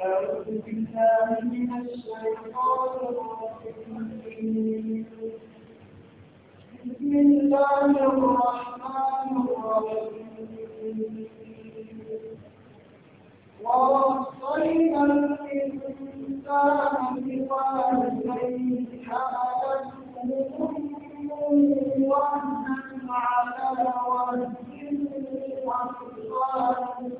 أعوذ بالله من الشيطان الرجيم بسم الله الرحمن الرحيم ووصينا الإنسان بوالديه حملته أمه وهنا على وهن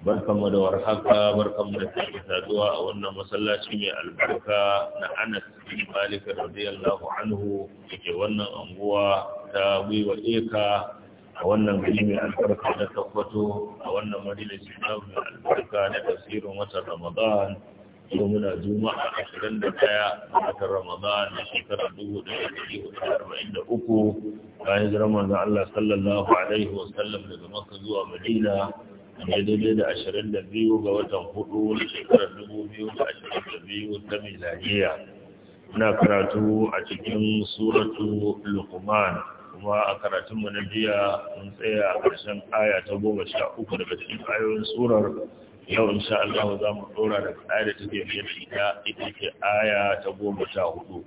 barkanmu da warhaka barkanmu da sake saduwa a wannan masallaci mai albarka na Anas bin Malik radiyallahu anhu yake wannan anguwa ta gwiwa eka a wannan gari mai albarka na Sokoto a wannan majalisi na mai albarka na tasirin wata Ramadan yau muna juma'a ashirin da daya a ramadan na shekarar dubu ɗaya da ɗari da arba'in da uku bayan jiran manzon Allah sallallahu alaihi wa sallam daga Makka zuwa Madina daidai da ashirin da biyu ga watan hudu na shekarar dubu biyu da ashirin da biyu ta milaniya na karatu a cikin suratu lukman kuma a karatunmu na mun tsaya a ƙarshen aya ta goma sha uku daga cikin ayoyin surar yau sha Allah za mu ɗora da aya da take biyar ita ita ce aya ta goma sha hudu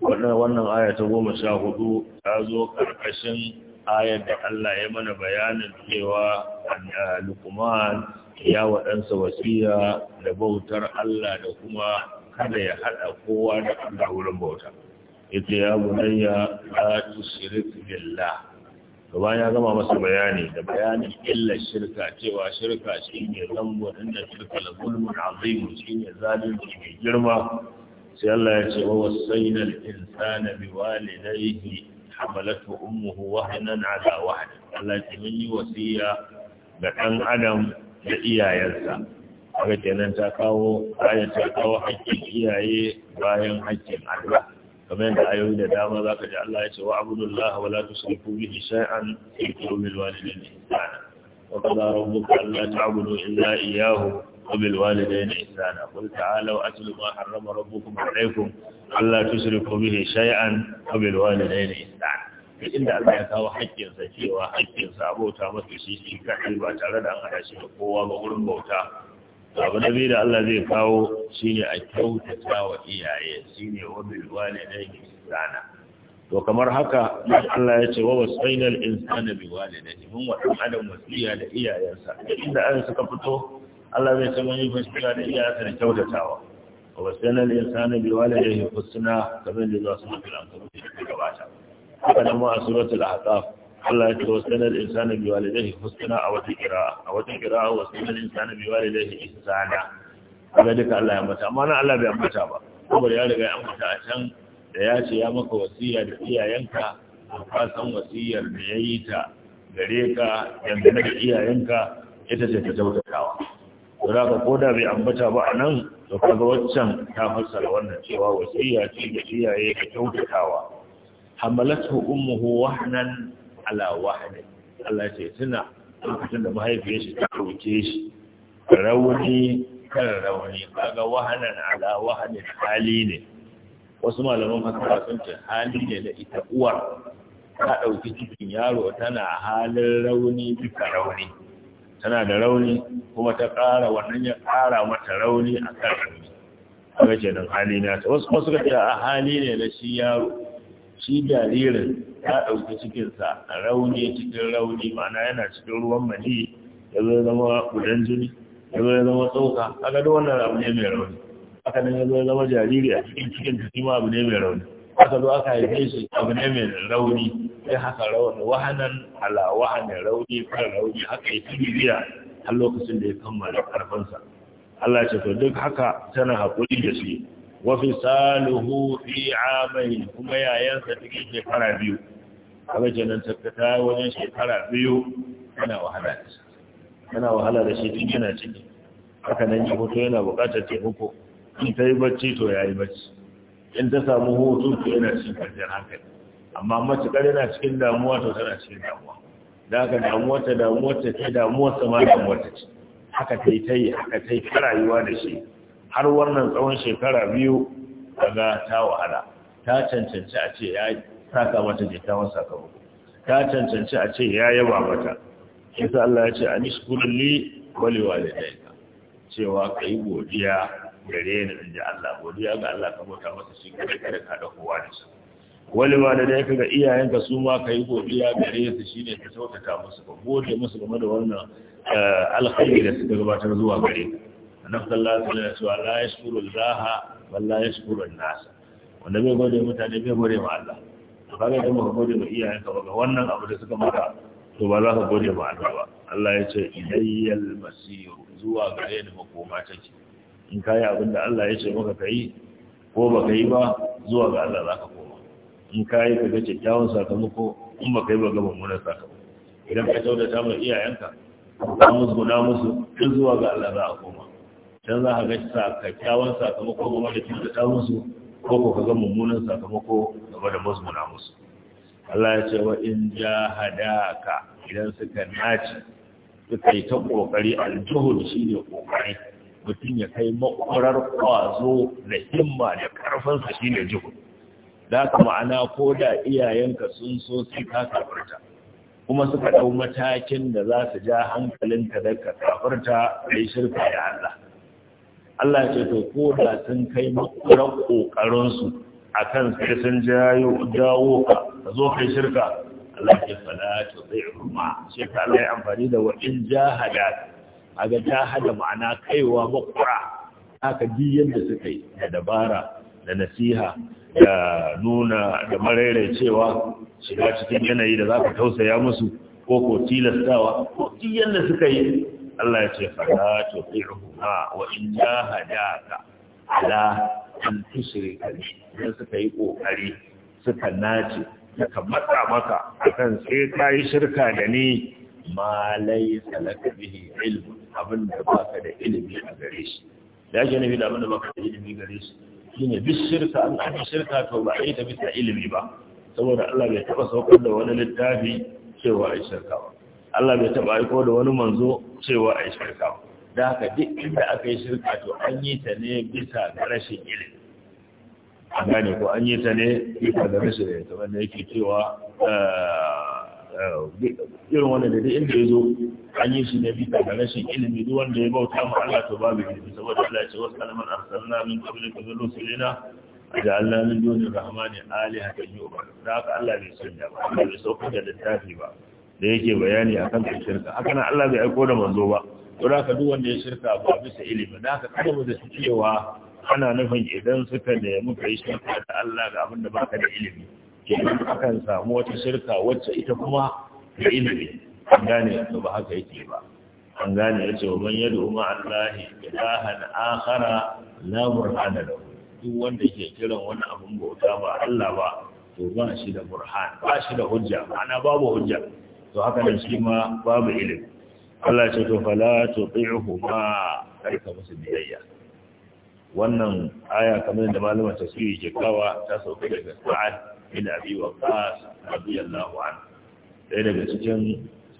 wannan aya ta goma sha hudu ta zo ƙarƙashin ayar da Allah ya mana bayanin cewa eh, Luqman ya waɗansa wasiya da bautar Allah da kuma kada ya haɗa kowa da Allah wurin bauta. Ita ya bunayya la tushrik billah. Gaba ya gama masa bayani da bayanin illa shirka cewa shirka shine zambo inda shirka la zulmun azim shine zalunci mai girma. Sai Allah ya ce wa wasaina al-insana biwalidayhi hamalatu ummuhu wahanan ala wahd Allah ya yi wasiya ga dan adam da iyayensa kaga kenan ta kawo aya ta kawo haƙƙin iyaye bayan haƙƙin Allah kamar yadda ayoyi da dama zaka ji Allah ya ce wa abudullah wa la tusrifu bihi shay'an wa bil walidayni ihsana wa qadara rabbuka alla ta'budu illa iyyahu وبالوالدين إحسانا قل تعالوا أتل ما حرم ربكم عليكم Allah tushriku bihi shay'an wa bil walidayni ihsan inda Allah ya kawo sa cewa sa abota masa shi shi kaɗai ba tare da an haɗa shi da kowa ba gurin bauta abu da biyu da Allah zai kawo shine a kyautata wa iyaye shine wa bil walidayni to kamar haka Allah ya ce wa wasainal insana bi walidayhi mun wa adam wasiya da iyayensa inda an suka fito Allah zai ce mun yi da iyayensa da kyautatawa wasannan insani bi walidayhi husna kamar da za su mafi lantarki da gabata haka nan ma a suratul ahqaf Allah ya ce wasannan insani bi yi husna a wata kira a wata qira'a da insani bi walidayhi ihsana kaga duka Allah ya mata amma na Allah bai ambata ba saboda ya riga ya ambata a can da ya ce ya maka wasiya da iyayenka ka san wasiyar da ya yi ta gare ka yanzu da iyayenka ita ce ta kyautatawa. Zura ka koda bai ambata ba a nan to kaga waccan ta fassara wannan cewa wasiya ce ga iyaye ka kyautatawa hamalathu ummuhu wahnan ala wahdi Allah ce tana lokacin da mahaifiyar shi ta roke shi rauni kan rauni kaga wahnan ala wahdi hali ne wasu malaman fasara sun ce hali ne da ita uwar ta dauki cikin yaro tana halin rauni duka rauni tana da rauni kuma ta ƙara wannan ya ƙara mata rauni a ƙarfi a haka don hali na ta wasu wasu ka a hali ne na shi yaro shi jaririn ta ɗauki cikinsa a rauni cikin rauni ma'ana yana cikin ruwan mali ya zo zama gudan jini ya zo zama tsoka haka duk wannan abu ne mai rauni haka nan ya zo zama jariri a cikin cikin cikin abu ne mai rauni aka zo aka haife shi abu ne mai rauni sai haka rauni wahanan ala wahanin rauni fara rauni haka yi tunibiya har lokacin da ya kammala karfansa Allah ce to duk haka tana haƙuri da shi wa fi saluhu fi amai kuma yayansa cikin shekara biyu kaga kenan takkata wajen shekara biyu tana wahala da shi yana wahala da shi tun yana ciki haka nan ya hoto yana buƙatar taimako in ta yi bacci to ya yi bacci in ta samu hutu to yana cikin kwanciyar hankali amma matuƙar yana cikin damuwa ta tana cikin damuwa da aka damuwa ta damuwarta ce ta ma damuwarta ce haka ta yi ta yi haka ta yi ta rayuwa da shi har wannan tsawon shekara biyu daga ta wahala ta cancanci a ce ya saka mata wasa kawo ta cancanci a ce ya yaba mata isa Allah ya ce a nishkurin li wali walidai cewa ka yi godiya gare ne da ji Allah godiya ga Allah ka bauta masa shi kada kare ka da kowa da shi wali walidai ka iyayenka su ma ka yi godiya gare su shine ka sautata musu ba gode musu game da wannan eh, alkhairi da suka gabatar zuwa gare ka annabi sallallahu alaihi wasallam cewa la yashkuru Allaha bal yashkuru an-nas wanda bai gode mutane bai gode ma Allah to kaga idan ka gode ma iyayenka ba wannan abu da suka maka to ba za ka gode ma Allah ba Allah ya ce ilayyal masir zuwa gare ni makoma take in kayi abin da Allah ya ce maka ka yi, ko baka yi ba zuwa ga Allah za ka koma in kayi ka ga kyakkyawan sakamako in baka yi ba ga mummunan sakamako idan ka kyautata ma iyayenka ka guda musu in zuwa ga Allah za a koma can za ka ga kyakkyawan sakamako ma da kyautata musu ko ko ka ga mummunan sakamako game da musu guda musu Allah ya ce wa in hadaka idan suka nace suka yi ta kokari aljuhul shine kokari mutum ya kai makwarar kwazo da himma da karfinsa shi ne jihu da ka ma'ana ko da iyayenka sun so sai ka kafarta kuma suka ɗau matakin da za su ja hankalinka da ka kafarta da shirka ya Allah Allah ce to ko da sun kai makwarar ƙoƙarinsu a kan sai sun jayo dawo ka zo kai shirka Allah ke fada ta tsaye ruma shekaru ya amfani da wa'in jahada aga ta hada ma'ana kaiwa makura aka ji da suka yi da dabara da nasiha da nuna da cewa shiga cikin yanayi da za ka tausaya musu ko ko tilastawa ko ji da suka yi Allah ya ce fara to fi'uha wa in ka. ala an tushrika bi suka yi kokari suka nace suka matsa maka akan sai yi shirka da ni ma laysa laka bihi ilmun abin da ba ka da ilimi a gare shi da ake nufi da abin da ba ka da ilimi gare shi shi ne bis shirka an ake shirka to ba a yi ta bisa ilimi ba saboda Allah bai taɓa saukar da wani littafi cewa a yi shirka ba Allah bai taɓa aiko da wani manzo cewa a yi shirka ba da haka duk inda aka yi shirka to an yi ta ne bisa ga rashin ilimi a gane ko an yi ta ne bisa ga rashin ilimi kamar da yake cewa eh, irin wanda da inda ya zo an yi shi na bisa da rashin ilimi duk wanda ya bauta ma Allah to babu ilimi saboda Allah ya ce wasu kalmar arsalna min qablik min rusulina ajalna min duni rahmani alihatan yu'badu da haka Allah bai da ba Allah bai sauko da littafi ba da yake bayani akan shirka haka nan Allah bai aiko da manzo ba to da haka duk wanda ya shirka ba bisa ilimi da haka kada mu da cewa ana nufin idan suka muka kai shirka da Allah ga abin da baka da ilimi kenan akan samu wata shirka wacce ita kuma da ilimi an gane to ba haka yake ba an gane yace wa man yad'u ma allahi ilahan akhara la burhana da duk wanda yake kiran wani abun bauta ba Allah ba to ba shi da burhan ba shi da hujja ana babu hujja to haka nan shi ma babu ilimi Allah ce to fala tuti'hu ma karka musu biyayya wannan aya kamar da malamin tasiri ke kawa ta sauke daga sa'ad bin abi waqas radiyallahu anhu Sai daga cikin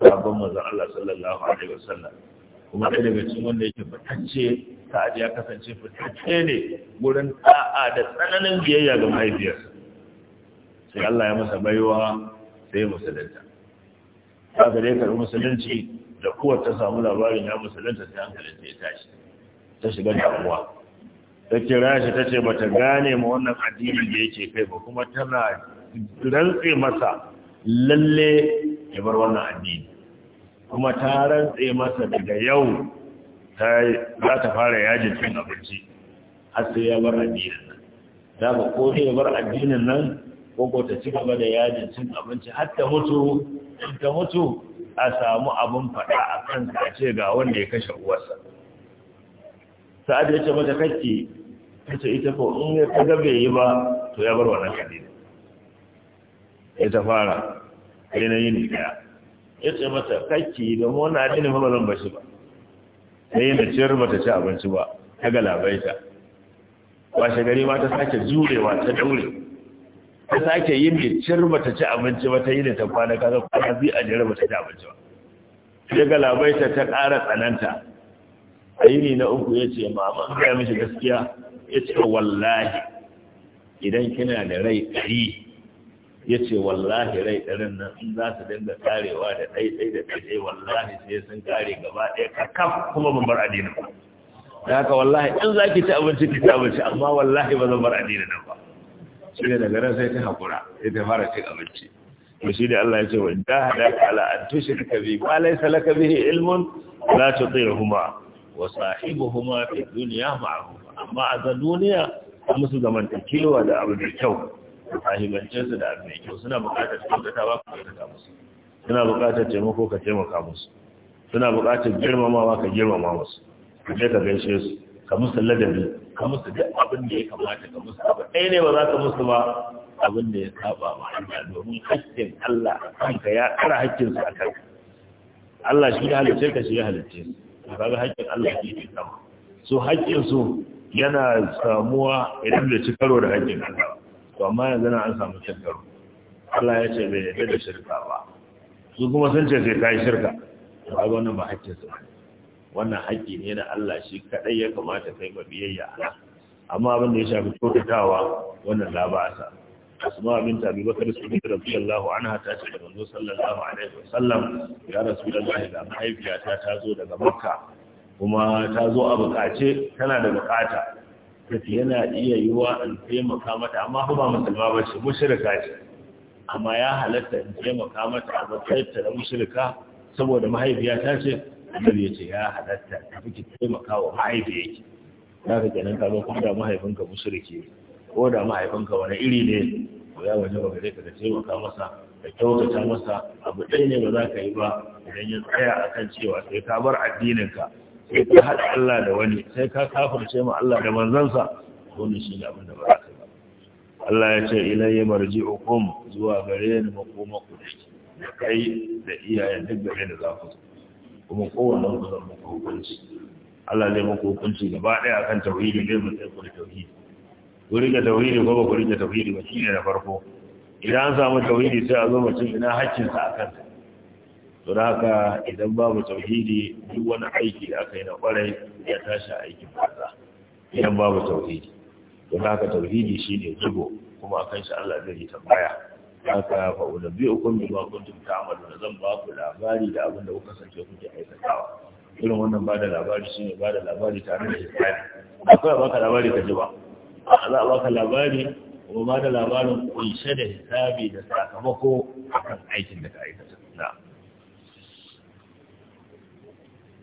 sabon manzon Allah sallallahu alaihi wasallam kuma sai daga cikin wanda yake fitacce ta ya kasance fitacce ne gurin ta'a da tsananin biyayya ga mahaifiyarsa sai Allah ya masa baiwa sai musulunta haka dai karu musulunci da kowar ta samu labarin ya musulunta sai hankalin ta ya tashi ta shiga damuwa take rashi shi ta bata gane ma wannan addini da yake kai ba kuma tana rantse masa lalle ya bar wannan addini kuma ta rantse masa daga yau za ta fara yajin cin abinci har sai ya bar addinin nan za ka ko ya bar addinin nan ko ta ci gaba da yajin cin abinci har ta mutu ta mutu a samu abin faɗa a kansa a ce ga wanda ya kashe uwarsa sa'ad ya ce mata kake ita ita ko in ya ta gabe yi ba to ya bar wannan hadisi ya ta fara sai na yini daya ya ce mata kakki don wani adini ba zan bashi ba sai da ciyar bata ci abinci ba ta galabaita shi gari ma ta sake jurewa ta daure ta sake yin da ciyar bata ci abinci ba ta yi da ta kwana kaga kwana bi a jiyar bata ci abinci ba ta galabaita ta ƙara tsananta a yini na uku ya ce mama ya mishi gaskiya ya wallahi idan kina da rai ɗari yace wallahi rai ɗarin nan in za su dinga karewa da ɗaiɗai da ɗaiɗai wallahi sai sun kare gaba ɗaya kakaf kuma ban bar addinin ba da haka wallahi in za ki ci abinci ki ci abinci amma wallahi ba zan bar adini nan ba shi ne daga nan sai ta haƙura sai ta fara cin abinci to shi da Allah ya ce wa da hada ala an ka bi ma laysa laka bihi ilmun la tuti'huma wa sahibuhuma fi dunya ma'ruf a ga duniya a musu zaman da abu mai kyau fahimance su da abu mai kyau suna buƙatar ba ka kyautata musu suna buƙatar taimako ka taimaka musu suna buƙatar girmamawa ka girmama musu ka je ka gaishe su ka musu ladabi ka musu duk abin da ya kamata ka musu abu ɗaya ne ba za ka musu ba abin da ya saba ma Allah domin haƙƙin Allah kanka ya hakkin su a kanka Allah shi ya halice ka shi ya halice su ga haƙƙin Allah shi ke sama so haƙƙin su yana samuwa idan bai ci karo da hakkin Allah to amma yanzu na an samu cin karo Allah ya ce bai yarda da shirka ba su kuma sun ce sai kai shirka to ga wannan ba haƙƙin su wannan haƙƙi ne na Allah shi kadai ya kamata kai ma biyayya amma abin da ya shafi kyautatawa wannan labasa asma bint abi bakr siddiq radiyallahu anha ta ce da manzo sallallahu alaihi wasallam ya rasulullahi da mahaifiyata ta zo daga makka kuma ta zo a bukace tana da bukata kace yana iya yiwa in taimaka mata amma ba musulma ba ce mushrika ce amma ya halatta in taimaka mata a matsayinta da mushrika saboda mahaifiya ta ce annabi ya ce ya halatta ta fi taimaka wa mahaifiyarki za ka kenan ka zo ko da mahaifinka mushriki ko da mahaifinka wani iri ne ko ya waje ba zai ka taimaka masa da kyautata masa abu ɗaya ne ba za ka yi ba idan ya tsaya akan cewa sai ka bar addininka sai ka haɗa Allah da wani sai ka kafirce mu Allah da manzansa wannan shi ne abin da ba za ka ba Allah ya ce ilayya marji'ukum zuwa gare ni makoma ku da kai da iyayen duk gare da za ku kuma kowanne ku zan muku hukunci Allah zai muku hukunci gaba ɗaya akan tauhidi ne mu sai ku da tauhidi ku rika tauhidi ko ba ku rika tauhidi ba shine na farko idan an samu tauhidi sai a zo mutum ina haƙƙinsa a kansa don haka idan babu tauhidi duk wani aiki da aka yi na kwarai ya tashi aikin banza idan babu tauhidi don haka tauhidi shi ne jigo kuma akan shi Allah zai tambaya haka biyu ba kun tunta kuntum da zan ba ku labari da abin da kuka sake kuke aikatawa irin wannan ba da labari ne ba da labari tare da hisabi akwai baka labari ka ji ba a za a baka labari kuma ba da labarin kunshe da hisabi da sakamako akan aikin da ka aikata na'am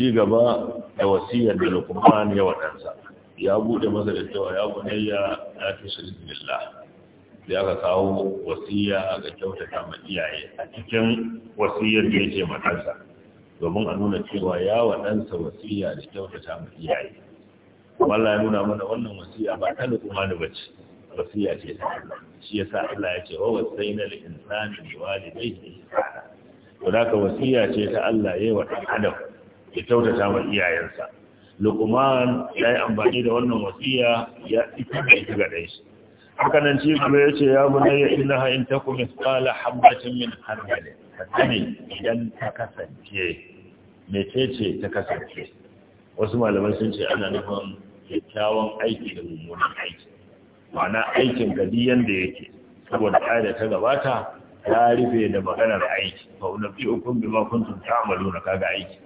ci gaba da wasiyar da lukman ya waɗansa ya buɗe masa da cewa ya bunayya la tushrik da ya ka kawo wasiya ga kyautata ma iyaye a cikin wasiyar da ya yake matansa domin a nuna cewa ya waɗansa wasiya da kyautata ma iyaye wallah ya nuna mana wannan wasiya ba ta lukuma da bacci. wasiya ce ta Allah shi sa Allah ya ce wa wasaina na insani bi da wasiya ce ta Allah yi wa ɗan adam ya kyautata ma iyayensa luqman ya yi amfani da wannan wasiya ya ita da ita ga dai shi haka nan ci kuma ya ce ya bunayya innaha in takum mithqala habatin min khardal hadani idan ta kasance mecece ta kasance wasu malamai sun ce ana nufin kyakkyawan aiki da mummunan aiki ma'ana aikin gadi yanda yake saboda ƙa'ida ta gabata ya rufe da maganar aiki fa unabbi ukum bima kuntum ta'maluna kaga aiki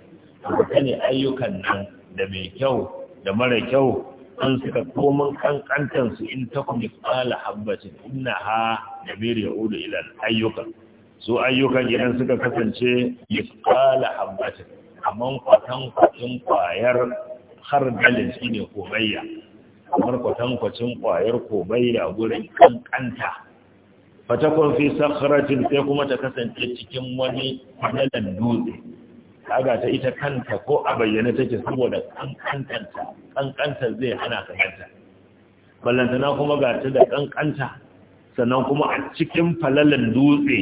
ka ne ayyukan nan da mai kyau da mara kyau an suka komin in su in takum qala ha" da dabir yaudu ilan ayyukan su ayyukan idan suka kasance qala habbatin amman kwatan kwatankwacin kwayar har dalil shine kobayya kamar kwatan kwacin kwayar kobayya gurin kankanta fatakon fi sakharatin sai kuma ta kasance cikin wani kwanalan dutse kaga ta ita kanta ko a bayyane take saboda kankanta kankanta zai hana ka ganta ballantana kuma ga ta da kankanta sannan kuma a cikin falalan dutse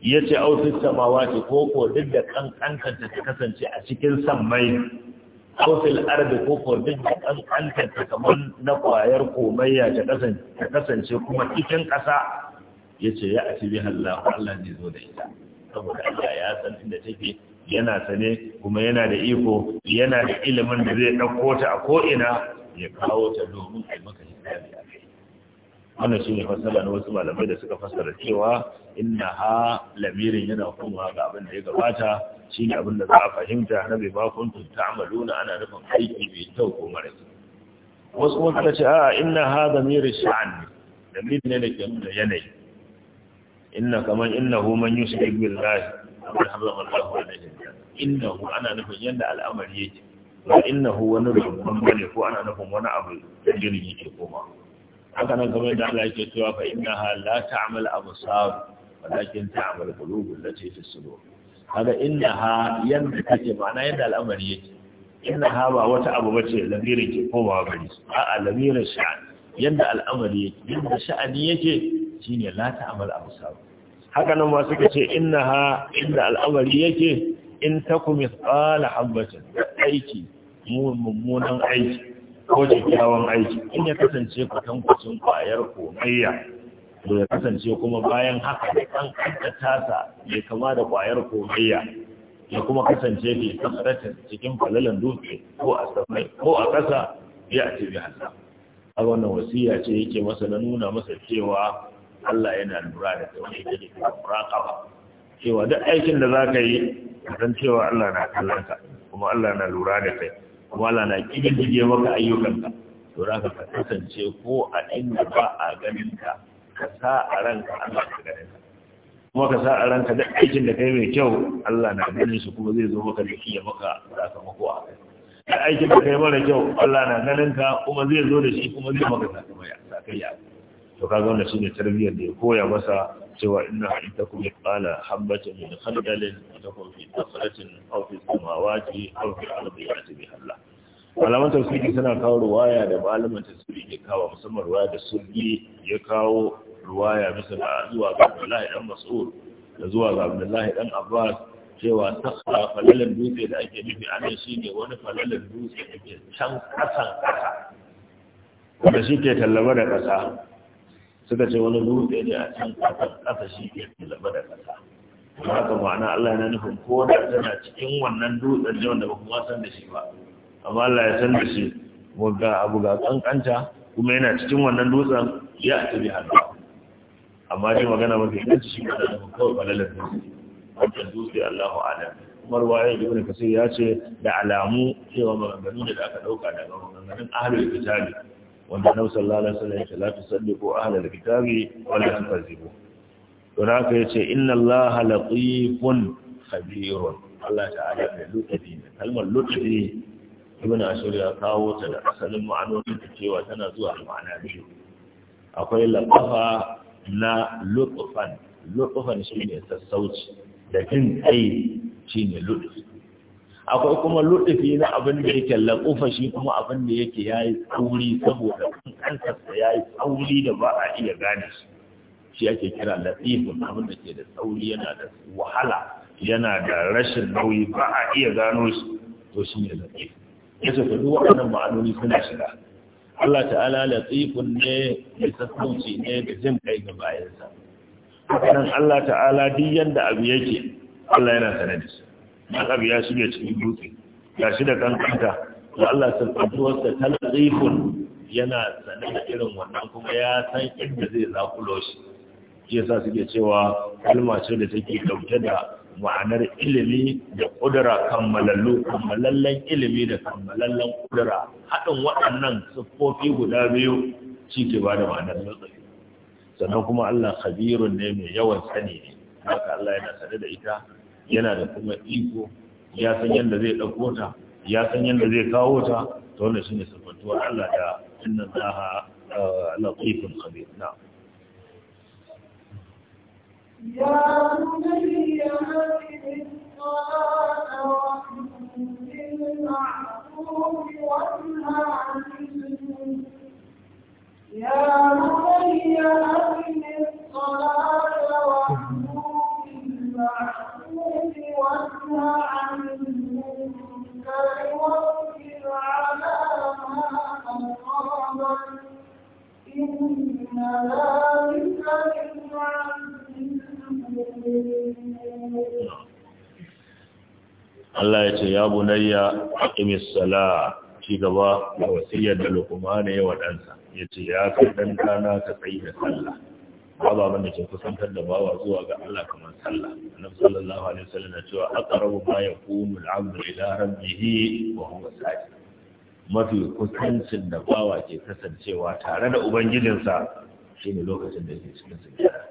ya ce autis samawa ko ko duk da kankanta ta kasance a cikin sammai kofil arbi ko duk da kankanta ta kamar na kwayar komayya ta kasance kuma cikin ƙasa ya ce ya ake bihar Allah zai zo da ita saboda Allah ya san inda take yana sane kuma yana da iko yana da ilimin da zai ɗauko ta a ko'ina ya kawo ta domin a maka hisabi a kai wannan shi ne fassara na wasu malamai da suka fassara cewa inna ha lamirin yana kuma ga abin da ya gabata shi ne abin da za a fahimta na bai ba kuntum na ana nufin aiki mai kyau ko mara wasu kuma suka ce a'a inna ha lamirin sha'an lamirin ne da ke nuna yanayi inna kaman hu man yushrik billahi kamar hamzan innahu ana nufin yadda al'amari yake ba innahu wani rubutun bane ko ana nufin wani abu da jirin yake koma haka nan kamar da Allah yake cewa fa innaha la ta'mal absar walakin ta'mal qulub allati fi sudur kaga innaha yanda take ma'ana yanda al'amari yake innaha ba wata abu bace lamirin ke koma a'a lamirin sha'ani yanda al'amari yake yanda sha'ani yake shine la ta'mal absar haka nan masu suka ce ha inda al'amari yake in taku tsala habbatin aiki mummunan aiki ko kyakkyawan aiki in ya kasance kwatan kwacin kwayar komayya da ya kasance kuma bayan haka da kan kaddata sa da kama da kwayar komayya ya kuma kasance bai kasaratin cikin falalan dutse ko a samai ko a ƙasa ya ce bi hasa a wannan wasiya ce yake masa na nuna masa cewa Allah yana lura da kai wani yake da muraqaba cewa duk aikin da za ka yi san cewa Allah na kallon ka kuma Allah na lura da kai kuma Allah na kididdige maka ayyukanka to za ka kasance ko a inda ba a ganin ka ka sa a ranka Allah ka ganin ka kuma ka sa a ranka duk aikin da kai mai kyau Allah na ganin shi kuma zai zo maka da kiyaye maka sakamako a kai da aikin da kai mara kyau Allah na ganin ka kuma zai zo da shi kuma zai maka sakamako to kaga wannan shine tarbiyyar da ya koya masa cewa inna hadithakum qala habatin min khaldalin takum fi tafsiratin aw fi samawati aw fi ardi yati biha Allah malaman tafsiri suna kawo ruwaya da malaman tafsiri ke kawo musamman ruwaya da sulbi ya kawo ruwaya bisa zuwa ga Abdullahi dan Mas'ud da zuwa ga Abdullahi dan Abbas cewa sakha falalan dutse da ake nufi anan shine wani falalan dutse da ke can kasan kasa wanda shi ke tallaba da kasa suka ce wani dutse ne a can ƙasar ƙasa shi ke zaba da ƙasa kuma haka ma'ana Allah yana nufin ko da tana cikin wannan dutsen ne wanda ba kuma san da shi ba amma Allah ya san da shi ga abu ga kankanta kuma yana cikin wannan dutsen ya bi hannu amma dai magana mafi inganci shi ne da kawai balalar dutse wannan dutse Allahu alam ya da ibn kasir ya ce da alamu cewa maganganu da aka dauka daga maganganun ahlul kitabi wanda annabi sallallahu alaihi wasallam ya salli ko tusaddiqu ahlal kitabi wanda la tukazzibu to haka ce, inna allaha latifun khabirun Allah ta'ala da ne, kalmar lutfi ibn ashur ya kawo ta da asalin ma'anonin ta cewa tana zuwa ma'ana biyu akwai lafafa na lutfan shi ne sassauci da jin kai ne lutfi akwai kuma lutufi na abin da yake lakufa shi kuma abin da yake yayi yi tsauri saboda kansarsa ya yi tsauri da ba a iya gane shi shi ake kira latifin abin da ke da tsauri yana da wahala yana da rashin nauyi ba a iya gano shi to shi ne latif ya ce duk waɗannan ma'anoni suna shiga Allah ta'ala latifin ne da sassauci ne da jin kai ga bayansa. Wannan Allah ta'ala duk yanda abu yake Allah yana sanar da shi. matsar ya shige cikin dutse ya shi da kankanta da Allah sarfantuwarsa talazifun yana sane da irin wannan kuma ya san inda zai zakulo shi ya sa suke cewa kalmace da take dauke da ma'anar ilimi da kudura kammalallu kammalallen ilimi da kammalallen kudura haɗin waɗannan siffofi guda biyu shi ke ba da ma'anar matsayi sannan kuma Allah khabirun ne mai yawan sani ne haka Allah yana sane da ita 原来的我们衣服，也是年年都在过着，也是年年都在搞着，做那些什么图案呀、什么花啊、呃、楼梯布和布呢？Allah ya ce ya bunayya aqimis sala ci gaba da wasiyar da lokuma ya wadansa yace ya kai dan ka tsaye da sallah ababen da ke kusantar da bawa zuwa ga Allah kamar sallah annabi sallallahu alaihi wasallam ya cewa aqrabu ma yakunu al-'abdu ila rabbihi wa huwa sajid mafi kusancin da bawa ke kasancewa tare da ubangijinsa shine lokacin da ke cikin sujjada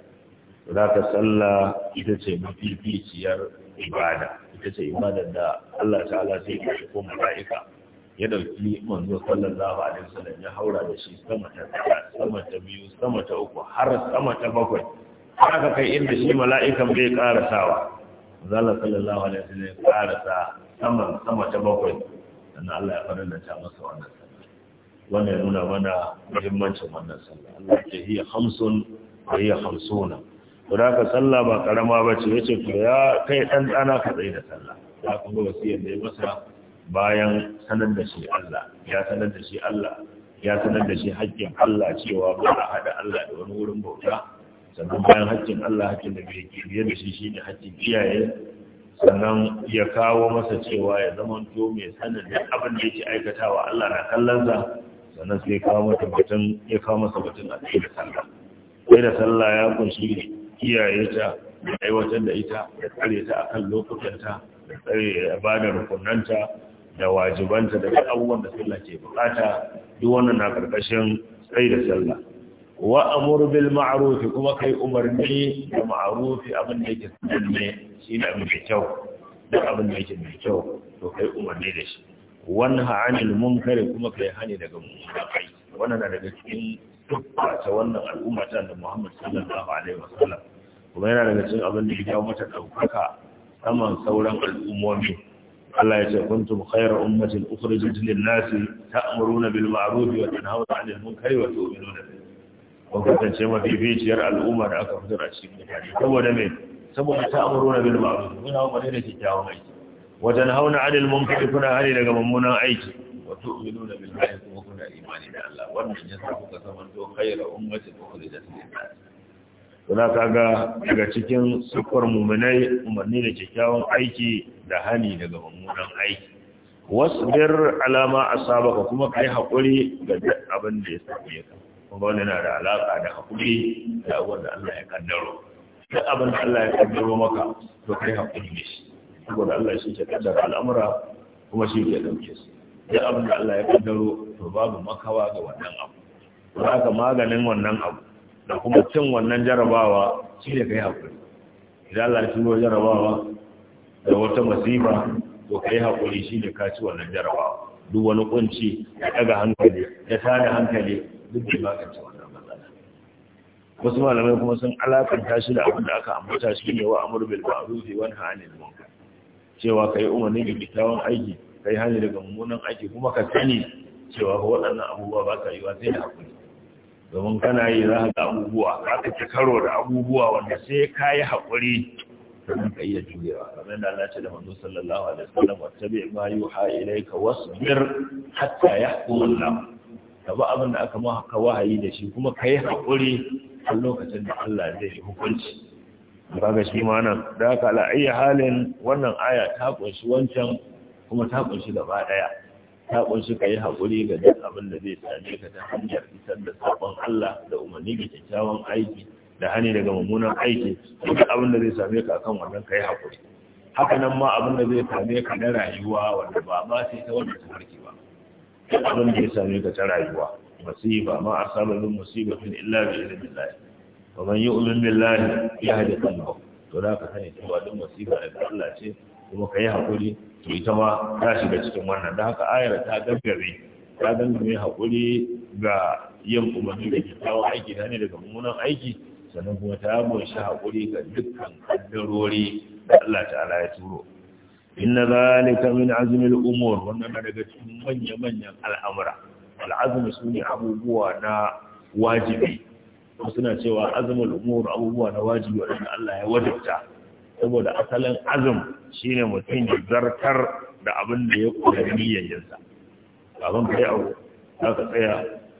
za ka sallah ita ce mafificiyar ibada ita ce ibadar da Allah ta'ala Zai ya ko mala'ika ya dauki manzo sallallahu alaihi wasallam ya haura da shi sama ta sama ta biyu sama ta uku har sama ta bakwai har aka kai inda shi mala'ikan bai karasawa zalla sallallahu alaihi wasallam ya karasa sama sama ta bakwai sannan Allah ya fara da ta masa wannan sallah wannan ya nuna mana muhimmancin wannan sallah Allah ya hiya khamsun wa hiya khamsuna to da ka sallah ba karama ce. yace ce ya kai dan dana ka tsaye da sallah ya kuma wasiyar da ya masa bayan sanar da shi Allah ya sanar da shi Allah ya sanar da shi haƙƙin Allah cewa ba a haɗa Allah da wani wurin bauta sannan bayan haƙƙin Allah haƙƙin da bai ke biye da shi shi ne haƙƙin iyaye sannan ya kawo masa cewa ya zama to mai sanar da abin da yake aikatawa Allah na kallonsa sannan sai kawo masa batun ya kawo masa batun a cikin sallah sai da sallah ya kunshi iyaye ta da aiwatar da ita da tsare ta a akan lokutanta da tsare ya ba da rukunanta da wajibanta da duk abubuwan da sallah ke bukata duk wannan na karkashin tsayi da sallah wa amur bil ma'ruf kuma kai umarni da ma'ruf abin da yake sunne shi ne abin kyau duk abin da yake mai kyau to kai umarni da shi wanha anil munkari kuma kai hani daga munkari wannan na daga cikin dukkan wannan al'umma ta da Muhammad sallallahu alaihi wasallam kuma yana daga cikin abin da ya jawo mata daukaka saman sauran al'ummomi Allah ya ce kuntum khayra ummatin ukhrijat lin-nasi ta'muruna bil ma'ruf wa tanhauna 'anil munkari wa tu'minuna billah wa kasance mafificiyar al'umma da aka fitar a cikin mutane saboda me saboda ta'muruna bil ma'ruf ba ne da kyakkyawan aiki wa tanhauna 'anil munkari kuna hari daga mummunan aiki wa tu'minuna billahi kuma kuna imani da Allah wannan ya yasa kuka zama to khayra ummatin ukhrijat lin-nasi suna kaga daga cikin sukar muminai umarni da kyakkyawan aiki da hani daga mummunan aiki Wasu wasbir alama a asabaka kuma kai haƙuri ga abin da ya ya ka kuma wani yana da alaƙa da haƙuri da abin da Allah ya kaddaro duk abin da Allah ya kaddaro maka to kai haƙuri ne shi saboda Allah shi ke kaddara al'amura kuma shi ke dauke su duk abin da Allah ya kaddaro to babu makawa ga wannan abu ba ka maganin wannan abu da kuma cin wannan jarabawa shi ne kai haƙuri idan Allah ya jarabawa da wata masifa to kai haƙuri shi ne ka wannan jarabawa duk wani kunci ya daga hankali ya tada hankali duk ka magance wannan matsala wasu malamai kuma sun alakanta shi da abin da aka ambata shi ne wa amur bil ma'ruf wa nahy anil munkar cewa kai umarni da bitawan aiki kai hali daga mummunan aiki kuma ka sani cewa waɗannan abubuwa ba ka yi wa sai da hakuri domin kana yi za ga abubuwa za ka ci karo da abubuwa wanda sai ka yi haƙuri sannan ka iya jurewa kamar da Allah ce da manzo sallallahu alaihi wasallam wattabi ma yuha ilayka wasbir hatta yahkum Allah ka ba abin da aka maka wahayi da shi kuma ka yi haƙuri a lokacin da Allah zai yi hukunci Ba ga shi ma nan da haka ala halin wannan aya ta ƙunshi wancan kuma ta ƙunshi gaba ɗaya. ta kunshi ka yi haƙuri ga duk abin da zai same ka ta hanyar isar da sabon Allah da umarni ga kyakkyawan aiki da hani daga mummunan aiki duk abin da zai same ka akan wannan ka yi haƙuri haka nan ma abin da zai same ka na rayuwa wanda ba ma sai ta wanda ta harki ba duk abin da ya same ka ta rayuwa musiba ma asaba min musibatin illa bi idhnillah wa man yu'min billahi yahdi qalbahu to za ka sani cewa duk masifa daga Allah ce kuma ka yi haƙuri to ita ma ta shiga cikin wannan da haka ayar ta gaggare ta gangame haƙuri ga yin umarni da kyakkyawan aiki ta ne daga mummunan aiki sannan kuma ta bunshi haƙuri ga dukkan kaddarori da Allah ta'ala ya turo inna zalika min azmil umar wannan na daga cikin manya-manyan al'amura al'azumi su ne abubuwa na wajibi suna cewa azumul umur abubuwa na wajibi wadanda Allah ya wajabta saboda asalin azum shine mutum ya zartar da abin da ya kula niyyarsa abin kai abu ka tsaya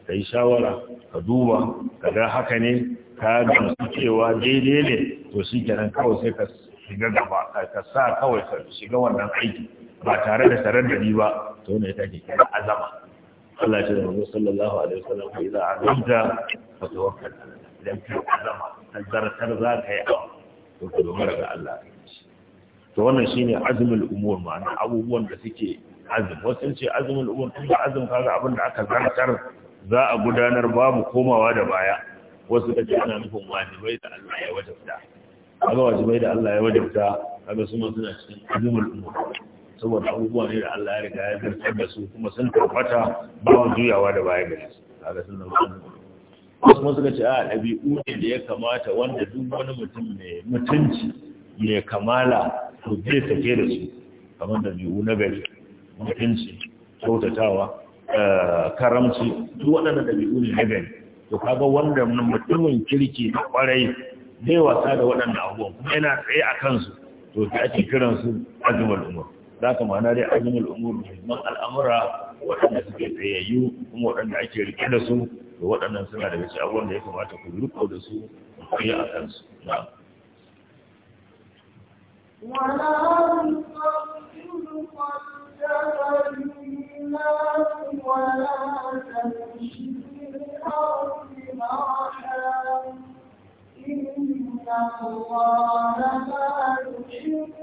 ka yi shawara ka duba ka ga haka ne ka gamsu cewa daidai ne to shi kenan kawai sai ka shiga gaba ka sa kawai ka shiga wannan aiki ba tare da tarar da ni ba to ne take kira azama Allah ce da manzo sallallahu alaihi wasallam fa idza azamta fa tawakkal ala Allah idan ka azama zartar za ka yi abu to ka dogara ga Allah to wannan shi ne azumin umur ma'ana abubuwan da suke azum wasu ce azumin umur tun da azum kaga abin da aka zartar za a gudanar babu komawa da baya wasu da ke ana nufin wajibai da Allah ya wajabta kaga wajibai da Allah ya wajabta kaga su ma suna cikin azmul umur saboda abubuwa ne da Allah ya riga ya zartar da su kuma sun tabbata ba juyawa da baya gare su kaga sun zama wasu masu suka ce a ɗabi'u ne da ya kamata wanda duk wani mutum mai mutunci mai kamala to zai ke da su kamar ɗabi'u na gari mutunci kyautatawa eh, karamci duk waɗannan ɗabi'u ne na gari to kaga wanda mutumin kirki na ƙwarai zai wasa da waɗannan abubuwan kuma yana tsaye a kansu to ake kiransu azumar umar za ka ma'ana dai azumin umur muhimman al'amura waɗanda suke tsayayyu kuma waɗanda ake rike da su da waɗannan suna da wace abubuwan da ya kamata ku riko da su ku yi a kansu na Thank you.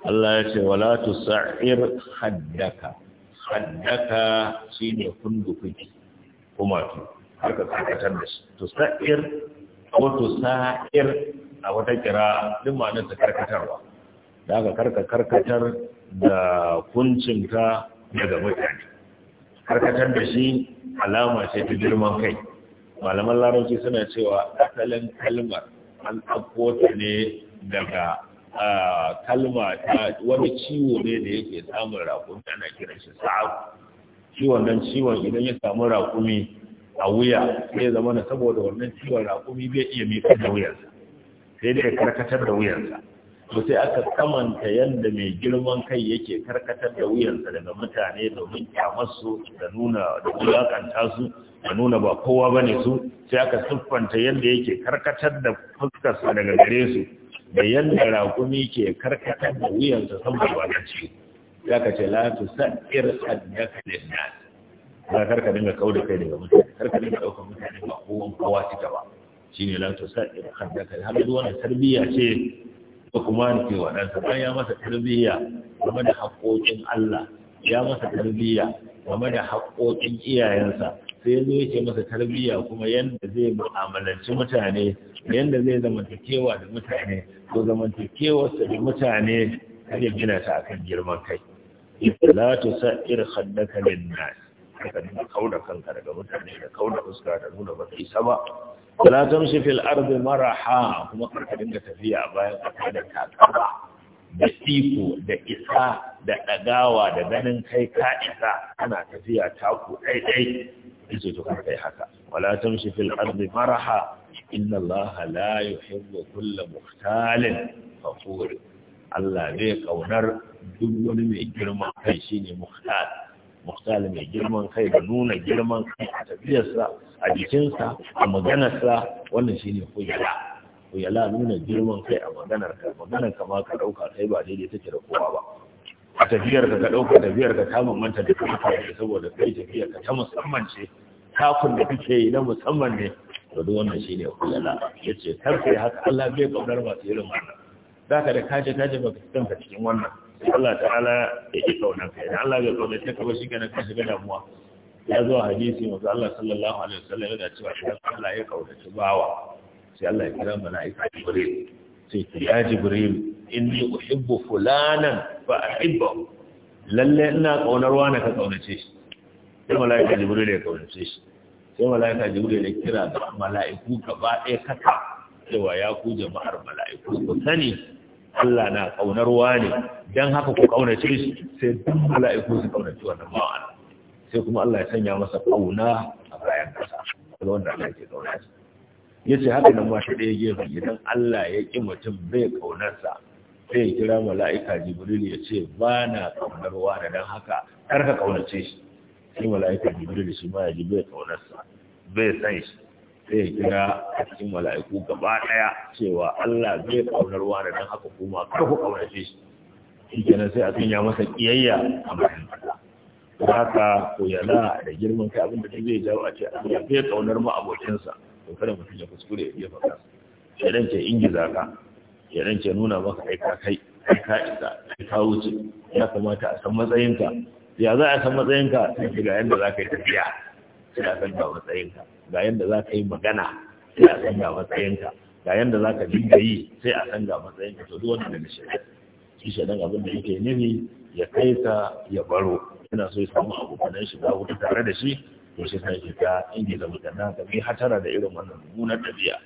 Allah ya ce wala tusa'ir haddaka haddaka shine kundukuki kuma tu, har ka tsakatar da shi tusa'ir ko tusa'ir a wata kira ɗin ma'anar ta karkatarwa da aka karka karkatar da kuncinka daga mutane karkatar da shi alama ce ta girman kai malaman larabci suna cewa asalin kalmar an ɗauko ne daga kalma ta wani ciwo ne da yake samun rakumi ana kiran shi sa'ab ciwon nan ciwon idan ya samu rakumi a wuya sai zama na saboda wannan ciwon rakumi bai iya mika da wuyarsa sai da ya karkatar da wuyarsa to sai aka kamanta yadda mai girman kai yake karkatar da wuyansa daga mutane domin kyamarsu da nuna da wulakanta su da nuna ba kowa ba ne su sai aka siffanta yadda yake karkatar da fuskarsa daga gare su da yadda raƙumi ke karkatar da wuyansa saboda ba ta ce za ka ce la tu sa'ir haddaka za ka karka dinga kau da kai daga mutane karka dinga ɗaukar mutane ba kowan kowa cika ba shine la tu sa'ir kai har wani tarbiyya ce kuma ne ke waɗansa, ɗansa ya masa tarbiyya game da haƙoƙin Allah ya masa tarbiyya game da haƙoƙin iyayensa sai ya zo masa tarbiyya kuma yadda zai mu'amalanci mutane yadda zai zamantakewa da mutane ko zamantakewarsa da mutane kar gina ta akan girman kai la sair khaddaka lin nas ka kauda kanka daga mutane da kauda fuska da nuna baka isa ba la tamshi fil ardi maraha kuma karka dinga tafiya bayan kasa da kakaba da iko da isa da dagawa da ganin kai ka isa ana tafiya taku dai dai yace to karka yi haka wala tamshi fil ardi maraha inna allaha la yuhibbu kulla mukhtalin fakhur Allah zai kaunar duk wani mai girma kai shine mukhtal muhtal mai girman kai da nuna girman kai a tafiyarsa a jikinsa a maganarsa wannan shi ne kuyala kuyala nuna girman kai a maganar ka maganar ka ma ka dauka kai ba daidai take da kowa ba a tafiyar ka ka dauka tafiyar ka ta mamanta da kuma kai saboda kai tafiyar ka ta musamman ce takun da kake yi na musamman ne to duk wannan ne kuyala yace kar kai haka Allah bai kaunar masu irin wannan zaka da kaje kaje baka kanka cikin wannan Allah ta'ala ya ji kaunar ka idan Allah ya kaunar ta kaba shi kenan ka shiga damuwa ya zo hadisi masu Allah sallallahu alaihi wasallam ce cewa idan Allah ya kaunaci bawa sai Allah ya kira mala'ika Jibril sai ce ya Jibril inni uhibbu fulanan fa uhibbu lalle ina kaunar wani ka kaunace shi sai mala'ika Jibril ya kaunace shi sai mala'ika Jibril ya kira da mala'iku gaba ɗaya kaka cewa ya ku jama'ar mala'iku ku sani Allah na ƙaunarwa ne dan haka ku kaunace shi sai duk mala'iku su kaunace wannan bawan sai kuma Allah ya sanya masa kauna a bayan kasa da wanda Allah ke kauna shi yace haka nan ma shi da gefe idan Allah ya ki mutum bai kaunarsa sai kira mala'ika jibril ya ce ba na kaunarwa da dan haka kar ka kaunace shi sai mala'ika jibril shi ma ya ji bai kaunarsa bai san sai kira a cikin mala'iku gaba daya cewa Allah zai kaunar wani don haka kuma kar ku shi shi shikenan sai a ya masa kiyayya a bayan haka ko yana da girman kai abinda ta zai jawo a ce Allah zai kaunar ma abokinsa to kada mutum ya kuskure ya faɗa shedan ce ingiza ka shedan ce nuna maka kai ka kai ka isa ka wuce ya kamata a san matsayinka ya za a san matsayinka sai ga yadda za ka yi tafiya sai a matsayinka ga yadda za ka yi magana sai a canza matsayinka ga yadda za ka dinga yi sai a canza matsayinka to duk wanda shaidan shi shaidan abin da yake nufi ya kai ka ya baro yana so ya samu abokanan shi wuta wuta tare da shi to shi sai ke ta ingiza mutane ka bi hatara da irin wannan mummunar ɗabi'a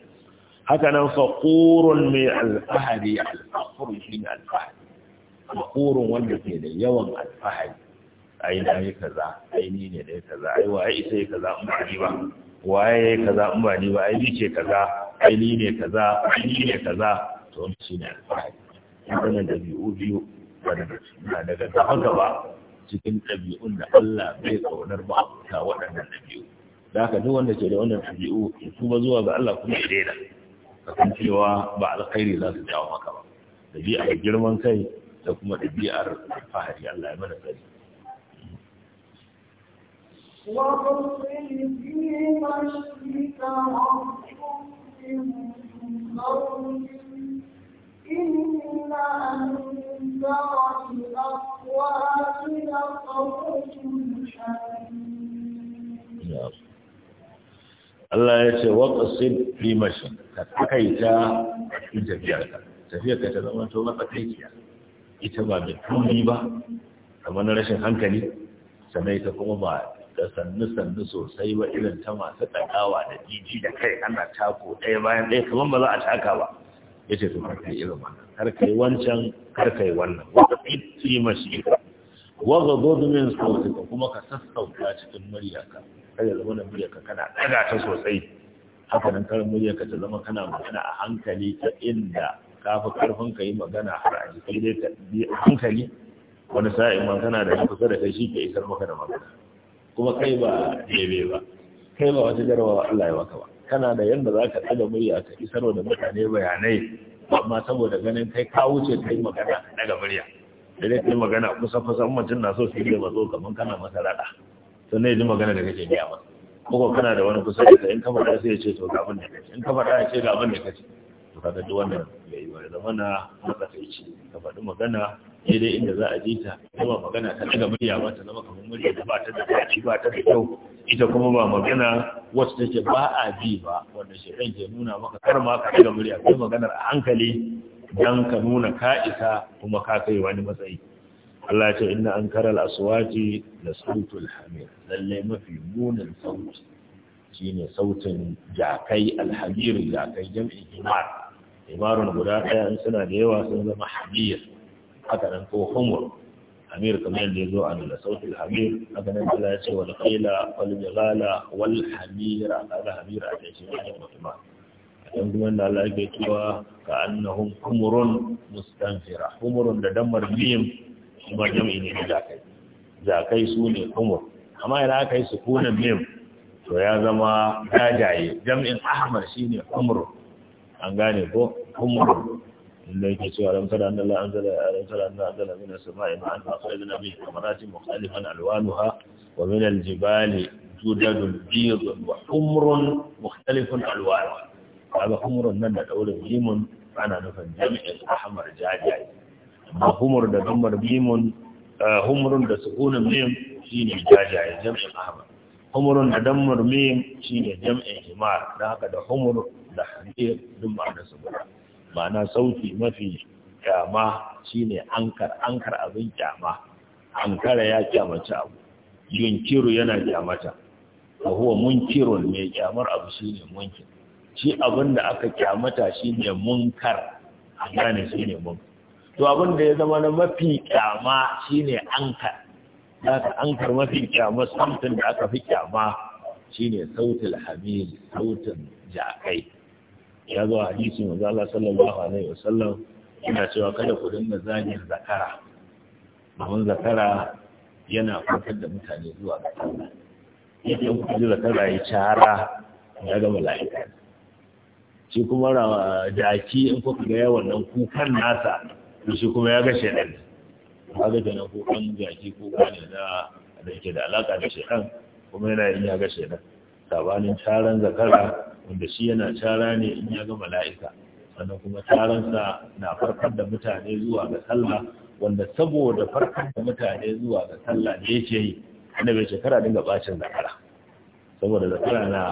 haka nan faƙurun mai alfahari alfahari shi ne alfahari faƙurun wanda ke da yawan alfahari ai na yi kaza ai ni ne dai kaza ai waye isa yi kaza in ba ni ba waye yayi kaza in ba ni ba ai ni ce kaza ai ni ne kaza ai ni ne kaza to wannan ne alfahari wannan ɗabi'u biyu da na daga haka ba cikin ɗabi'un da Allah bai kaunar ba ta waɗannan ɗabi'u da haka duk wanda ke da wannan ɗabi'u su ba zuwa ga Allah kuma ya daina kasan cewa ba alkhairi za su jawo maka ba ɗabi'ar girman kai da kuma ɗabi'ar alfahari Allah ya mana gari وقصر في مشيك من إن Allah ya ce waqsid fi mashi ka takaita cikin tafiyarka tafiyarka ta zama to matsakaiciya ita ba mai tuni ba kamar na rashin hankali sannan ita kuma ba da sannu-sannu sosai ba irin ta masu ɗagawa da jiji da kai ana tako ɗaya bayan ɗaya kamar ba za a taka ba ya ce tukar kai irin wannan kar wancan kar wannan wata iti mashi waga dodumin sosai ka kuma ka sassauta cikin muryarka kada zama da muryarka kana ɗaga ta sosai haka nan kar muryarka ta zama kana magana a hankali ta inda ka fi ƙarfin ka yi magana har a jikin dai ka hankali wani sa'in ma kana da kusa da kai shi ke isar maka da magana kuma kai ba ɗebe ba kai ba wata jarabawa Allah ya baka ba kana da yadda za ka ɗaga murya ka isarwa da mutane bayanai amma saboda ganin kai ka wuce kai magana daga murya da dai kai magana kusa kusa mutum na so su yi matso kamar kana masa raɗa to ne ji magana da kake biya ba ko kana da wani kusa da in ka faɗa sai ya ce to ga abin da kace in ka faɗa ya ce ga abin da kace kaga duk wannan yayi wani zamana matsakaici ka faɗi magana daidai inda za a jita kuma magana ta daga murya ba ta zama kamar murya da ba ta da kaci ba ta da kyau ita kuma ba magana wasu take ba a ji ba wanda shekan ke nuna maka kar ma ka daga murya kai maganar a hankali dan ka nuna ka isa kuma ka kai wani matsayi Allah ya ce inna ankara al-aswati la sautul hamir lalle mafi munin sauti shine sautin jakai alhamir jakai jam'i himar imarun guda ɗaya in suna da yawa sun zama hamir haka nan ko humur hamir kamar yadda ya zo a nuna sautin hamir haka nan ta ya ce wal qaila wal jala wal hamira kaga hamira a cikin wannan mutum dan kuma da Allah yake cewa ka annahun humurun mustanfira humurun da damar biyim kuma jam'i ne da zakai zakai su ne humur amma yana aka yi sukunan biyim to ya zama jajaye jami'in ahmar shine humurun an gane ko kuma inda yake cewa lam tara anna la anzala lam tara anna anzala min as-sama'i ma'an fa akhrajna bihi thamaratin mukhtalifan alwanuha wa min al-jibali judadun bid wa humrun mukhtalifun alwanuha kaga humrun nan da daurin limun ana nufin jami'in ahmar jajaye amma humur da dumar limun humrun da sukunin mim shine jajaye jami'in ahmar humrun da dammar mim shine jami'in himar dan haka da humur tahrir duk ma'ana su guda ma'ana sauti mafi kyama shine ankar ankar abin kyama ankara ya kyamata abu kiru yana kyamata fa huwa munkirun ne? kyamar abu shine munkir shi abin da aka kyamata shine munkar a gane shine munkar to abin da ya zama na mafi kyama shine ankar zaka ankar mafi kyama samtin da aka fi kyama shine sautul hamil sautin jakai ya zo a hadisi manzo Allah sallallahu alaihi wasallam yana cewa kada ku dinga zagin zakara domin zakara yana kwantar da mutane zuwa ga Allah yake ku ji zakara ya cara ya ga mala'ika shi kuma jaki in ku ga yawan nan kukan nasa shi kuma ya ga shedan ga kenan kukan jaki ko ne da da yake da alaka da shedan kuma yana yin ya ga shedan sabanin caran zakara wanda shi yana tara ne in ya ga mala'ika sannan kuma taransa na farkar da mutane zuwa ga sallah wanda saboda farkar da mutane zuwa ga sallah ne yake yi wanda bai shekara dinga bacin zakara saboda zakara na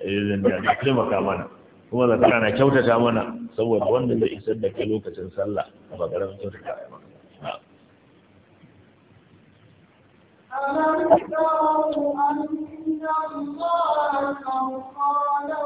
da eh, taimaka mana kuma zakara na kyautata mana saboda wanda zai isar da kai lokacin sallah a bakarar kyautata mana الله قال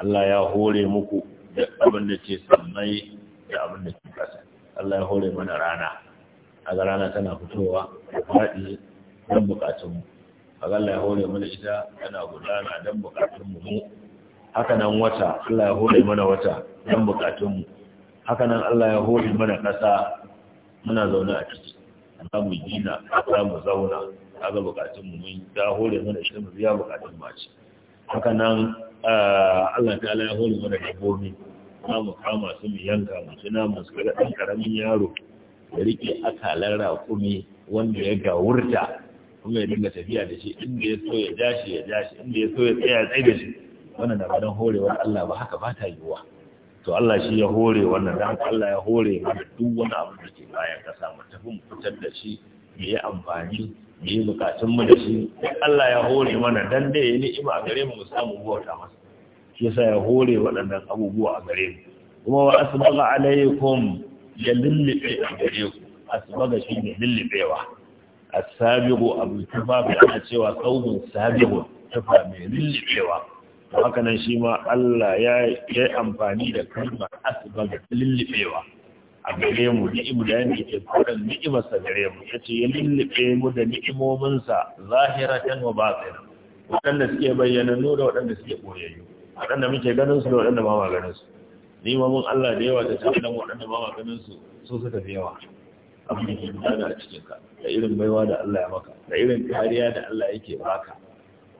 Allah ya hore muku da abin da ke sammai da abin da ke ƙasa Allah ya hore mana rana a ga rana tana fitowa da faɗi don buƙatunmu a ga Allah ya hore mana ita tana gudana don buƙatunmu mu haka nan wata Allah ya hore mana wata don buƙatunmu haka nan Allah ya hore mana ƙasa muna zaune a ciki za mu gina za mu zauna a ga buƙatunmu mun ya hore mana ita mu biya buƙatunmu a ciki haka nan Ah, Allah ta ala ya hori mana dabbobi za mu kama su mu yanka masu ci naman su kaga ɗan ƙaramin yaro ya riƙe akalan raƙumi wanda ya gawurta kuma ya dinga tafiya da shi inda ya so ya ja shi ya ja shi inda ya so ya tsaya tsaye da shi wannan da badan horewar Allah ba haka ba ta yiwuwa to Allah shi ya hore wannan dan Allah ya hore mana duk wani abu da ke bayan kasa mu tafi mu fitar da shi mu yi amfani yi mu da shi Allah ya hore mana dan da ya ni'ima a gare mu mu samu bauta masa shi yasa ya hore waɗannan abubuwa a gare mu kuma wa asbaga alaykum ya a gare ku asbaga shi ne lullubewa asabiqu abu tufafi ana cewa saubun sabiqu tafa mai lullubewa to haka nan shi ma Allah ya yi amfani da kalmar asbaga lullubewa a gare mu ni'imu da yake ke kodan ni'imarsa gare mu ya ce ya lullube mu da ni'imominsa zahiratan wa batin waɗanda suke bayyana da waɗanda suke koyayyu. waɗanda muke ganin su da waɗanda ba ma ganin su mun Allah da yawa da ta dan waɗanda ba ma ganin su su suka fi yawa abin da ke gudana a cikin ka da irin baiwa da Allah ya maka da irin kariya da Allah yake baka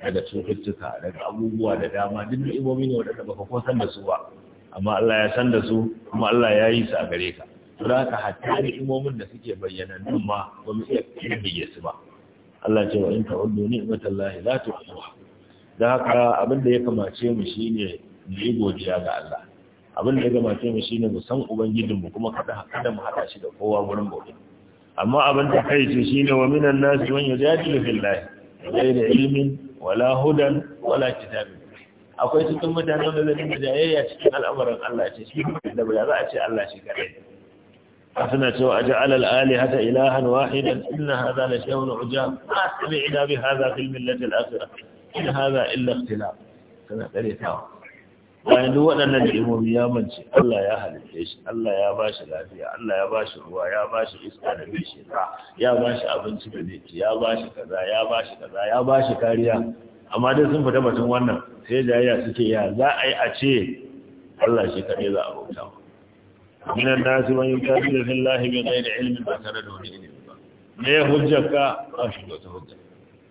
daga cututtuka daga abubuwa da dama duk ni'imomi ne waɗanda baka san da su ba amma Allah ya san da su kuma Allah ya yi su a gare ka don haka hatta imomin da suke nan ma ba mu iya kirbiye su ba Allah ce wa in ta'uddu Allah la tuhsuha don haka abin da ya kamace mu shine mu yi godiya ga Allah abin da ya kamace mu shine mu san mu kuma kada kada mu hada shi da kowa gurin bauta amma abin da kai ce shine wa minan nasi man yajadilu fillahi ghayra ilmin wala hudan wala kitabin akwai cikin mutane da zai jayayya cikin al'amuran Allah ce shi da ba za a ce Allah shi kadai a suna cewa a ja'ala al-alihata ilahan wahidan inna hadha la shay'un ujab ma sami'na bi hadha fil millati al in hadha illa ikhtilaf kana karetawa bayan duk waɗannan ni'imomi ya mance Allah ya halitta shi Allah ya ba shi lafiya Allah ya ba shi ruwa ya ba shi iska da bai shekara ya ba shi abinci da zai ya ba shi kaza ya ba shi kaza ya ba shi kariya amma dai sun fita batun wannan sai jayayya suke ya za a yi a ce Allah shi kaɗe za a bauta wa minan nasu wani kafin da fillahi mai zai da ilimin ba tare da wani ilimin ba me ya hujjar ka a shi wata hujja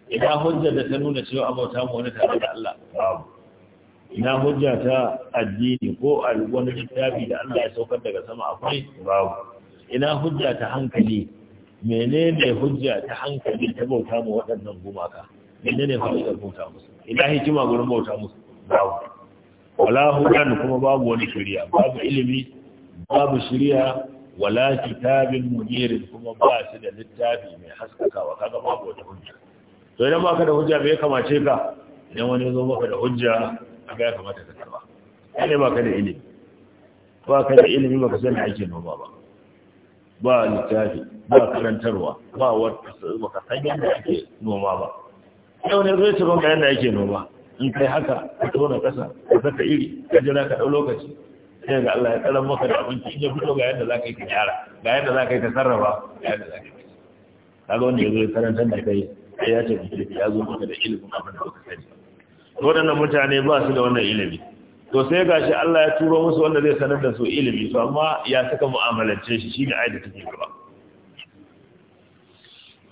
ina hujjar da ta nuna cewa a bauta mu wani tare da Allah babu ina hujja ta addini ko a wani littafi da Allah ya saukar daga sama akwai babu ina hujja ta hankali menene hujja ta hankali ta bauta mu waɗannan gumaka menene fa'idar bauta musu ina hikima gurin bauta musu babu wala hudan kuma babu wani shari'a babu ilimi babu shari'a wala kitabin munir kuma ba shi da littafi mai haskakawa kaga babu wata hujja to idan baka da hujja bai kamace ka idan wani zo maka da hujja aka ya kamata ka karba kai baka da ilimi baka da ilimi baka san ake noma ba ba littafi ba karantarwa ba wata baka san yadda ake noma ba yau ne zai ciro kayan da yake noma in kai haka ka tona ƙasa ka saka iri ka jira ka ɗau lokaci sai ga Allah ya tsaron maka da abinci in ya fito ga yadda za ka yi ka gyara ga yadda za ka yi ka sarrafa ga yadda za ka yi kaga wanda ya zo karantar da kai sai ya ce ya zo maka da ilimin abin da baka sani waɗannan mutane ba su da wannan ilimi to sai gashi Allah ya turo musu wanda zai sanar da su ilimi to amma ya saka mu'amalance shi shine ayat da take gaba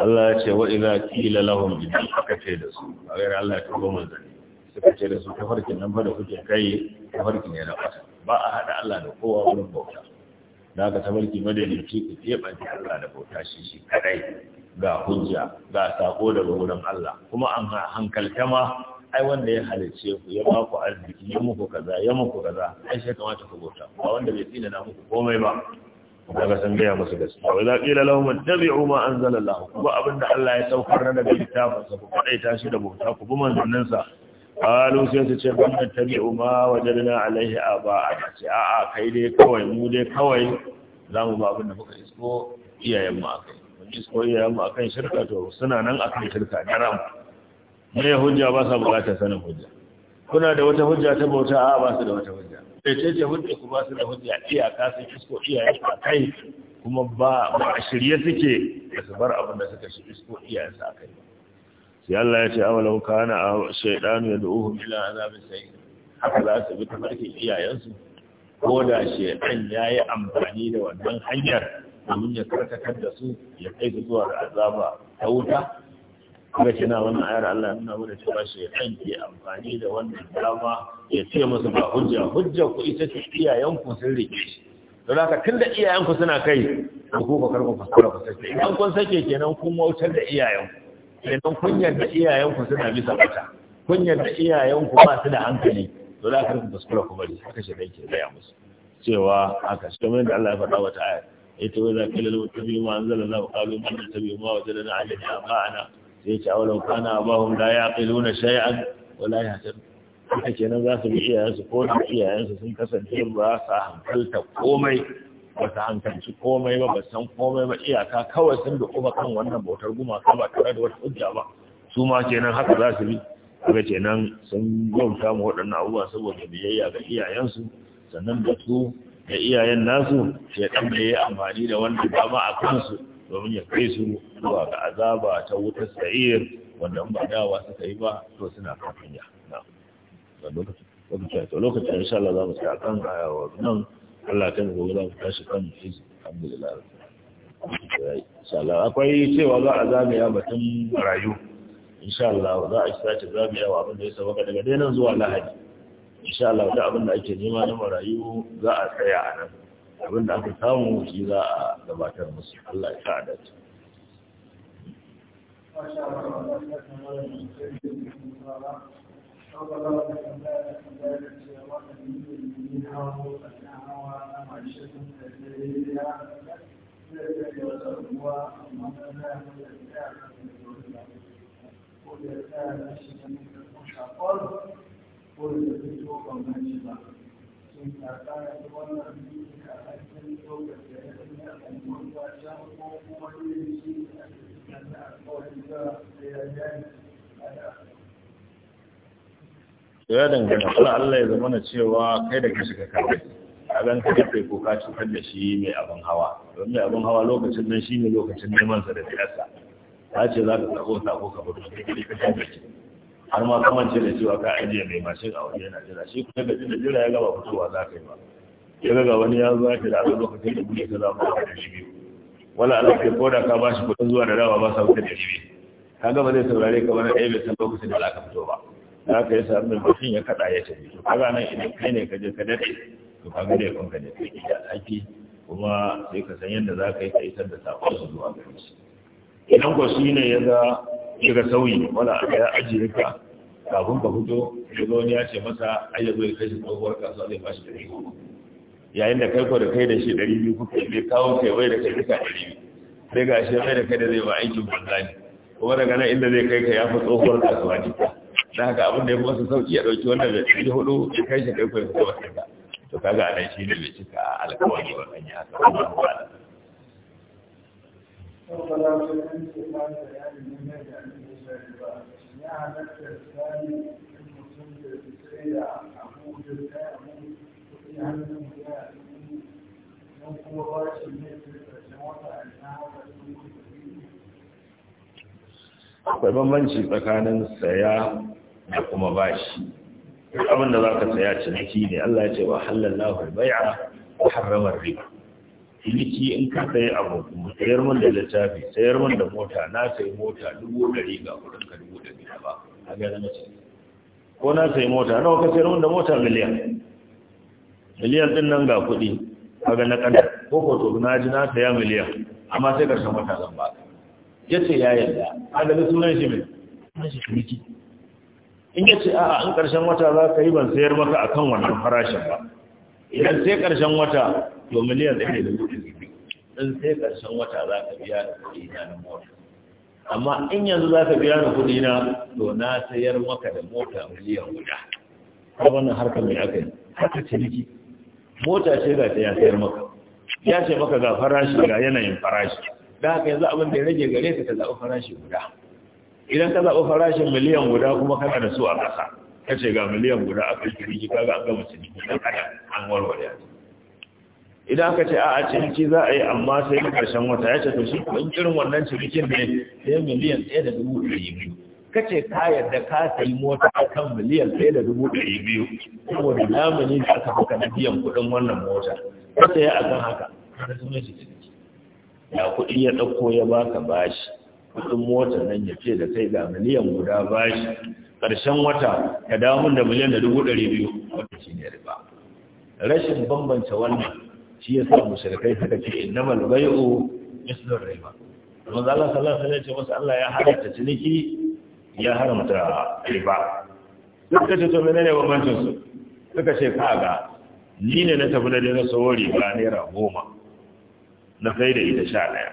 Allah ya ce wa idza qila lahum aka ce da su a gare Allah ya tuba manzanni suka ce da su ta farkin nan fa da kuke kai ta farkin ya rafa ba a haɗa Allah da kowa wurin bauta da aka ta farki madalici ku keɓance Allah da bauta shi shi kadai ga hujja ga sako daga wurin Allah kuma an hankalta ma ai wanda ya halice ku ya baku arziki ya muku kaza ya muku kaza ai shi kamata ku bauta ba wanda bai tsina na muku komai ba daga san gaya musu gaskiya wa za qila lahum ittabi'u ma anzala Allah kuma abinda Allah ya saukar na daga littafin sa ku kadaita shi da bauta ku bi manzannin sa qalu sai su ce ban ittabi'u ma wajadna alaihi aba a a a kai dai kawai mu dai kawai za mu ba abinda muka isko iyayen mu akai mun isko iyayen mu akan shirka to suna nan akan shirka daram ne hujja ba sa bukatar sanin hujja kuna da wata hujja ta bauta a ba su da wata hujja sai ce hujja ku ba su da hujja iyaka sun isko iyayen a kai kuma ba a shirye suke da su bar abin da suka shi isko iyayen a kai ba sai Allah ya ce awalau kana a shaidanu ya da'uhu ila azabin sai haka za su bi tafarkin iyayensu ko da shaidan ya yi amfani da wannan hanyar domin ya karkatar da su ya kai su zuwa da azaba ta wuta kuma ce na wannan ayar Allah nuna mana cewa shi kan ke amfani da wannan dama ya ce masu ba hujja hujja ku ita ce iyayen ku sun rike shi don haka da iyayen ku suna kai ku ku fasara ku sake idan kun sake kenan kun wautar da iyayen ku kenan kun yarda iyayen ku suna bisa bata kun yarda iyayen ku ba su da hankali don haka ku fasara ku bari haka shi dai ke gaya musu cewa haka shi kamar da Allah ya faɗa wata ayar ita wai za ka lalu biyu ma anzala Allah qalu man tabi ma wajadana ba ana sai ce awalau kana ya la na shay'an wala la yahtadun haka kenan za su bi iyayensu ko da iyayensu sun kasance ba sa hankalta komai ba su hankalci komai ba ba san komai ba iyaka kawai sun da kuma kan wannan bautar gumaka ba tare da wata hujja ba su ma kenan haka za su bi haka kenan sun bauta mu waɗannan abubuwa saboda biyayya ga iyayensu sannan da su da iyayen nasu shaidan da ya yi amfani da wannan dama a kansu domin ya kai su zuwa ga azaba ta wutar sa'ir wanda ba dawa suka yi ba to suna kan hanya lokacin insha Allah za mu tsaya kan ayawa nan Allah ta gobe za mu tashi kan izi alhamdulillah insha Allah akwai cewa za a ya batun rayu insha Allah za a sace ya wa abin da ya sabaka daga dai nan zuwa Lahadi insha Allah da abin da ake nema na marayu za a tsaya a nan Abinda aka samu shi za a gabatar musu Allah ya sa a dace Thank you. ya dangana kula Allah ya zama na cewa kai da ka shiga kare a gan ka kafe ko ka cutar da shi mai abin hawa don mai abin hawa lokacin nan shi ne lokacin neman sa da fiyarsa ta ce za ka ta sako ka bari ka kiri ka kan gaci har ma kamance da cewa ka ajiye mai mashin a wajen yana jira shi kuma da jira ya gaba fitowa za ka yi ba ya ga wani ya zuwa shi da aka lokacin da kuɗi ka za mu da shi biyu wala ala ke koda ka ba shi kudin zuwa da dawa ba sa wuce da shi biyu kaga ba zai saurare ka wani ɗaya bai san lokacin da za ka fito ba za ka yi sa'ar mai mutum ya kaɗa ya tafi to kaga nan idan kai ne ka je ka daɗe to ka da yakon ka ne kai da alhaki kuma sai ka san yadda za ka yi ka isar da saƙon su zuwa gare shi idan ko shi ne ya ga ya ga sauyi wala a ya ajiye ka kafin ka fito ya zo ya ce masa ai ya ya kai shi tsohuwar kasuwa zai ba shi da yayin da kai ko da kai da shi ɗari biyu kuka yi kawo kai bai da kai duka ɗari biyu sai ga shi bai da kai da zai ba aikin banza ne kuma daga nan inda zai kai ka ya fi tsohuwar kasuwa ne da haka abin da ya masa sauki ya ɗauki wanda da ɗari hudu ya kai shi kai ko ya fito wasu ka to kaga a nan shi ne bai cika alkawari ba kan yi haka kuma ba ya halatta tsari mutum da tsaye a abubuwan da ya akwai bambanci tsakanin saya da kuma bashi abin da za ka saya ciniki ne Allah ya ce wa halallahu bai'a wa harramar riba ciniki in ka sayi abu sayar min da littafi sayar min da mota na sayi mota dubu dari ga kudin ka dubu ɗari ba a ga zama ko na sayi mota nawa ka sayar min da mota miliyan miliyan din nan ga kuɗi ga na ƙanar ko ko to na ji na saya miliyan amma sai karshen wata zan ba yace ya yarda ga da sunan shi mai sunan shi miki in ce a'a in karshen wata za ka yi ban sayar maka a kan wannan farashin ba idan sai karshen wata to miliyan ɗaya da kuɗi in sai karshen wata za ka biya da kuɗi na na mota amma in yanzu za ka biya da kuɗi na to na sayar maka da mota miliyan guda. Wannan harkar mai aka yi, haka ciniki. mota ce ga ta ya sayar maka ya ce maka ga farashi ga yanayin farashi da haka yanzu abin da ya rage gare ka ka zaɓi farashi guda idan ka zaɓi farashin miliyan guda kuma kana da su a ƙasa ka ce ga miliyan guda a kai kiri ka ga an gama ciniki ɗan adam an warware ya idan aka ce a a ciniki za a yi amma sai na ƙarshen wata ya ce to shi kuma irin wannan cikin ne sai miliyan ɗaya da dubu ɗari biyu kace ka yadda ka sayi mota a kan miliyan ɗaya da dubu ɗari biyu saboda lamuni da aka baka na biyan kuɗin wannan mota ka saya a kan haka ka zama shi ya kuɗi ya ɗauko ya baka bashi kuɗin mota nan ya ce da sai ga miliyan guda bashi ƙarshen wata ka dawo min da miliyan da dubu ɗari biyu wata shi ne riba rashin bambanta wannan shi ya sa mushrikai suka ce innamal bai'u mislur riba manzo Allah sallallahu alaihi wasallam sallam ya halatta ciniki ya haramta riba suka ce to menene bambancin su suka ce kaga ni ne na tafi na dai na sawo riba naira goma na kai da ita sha ɗaya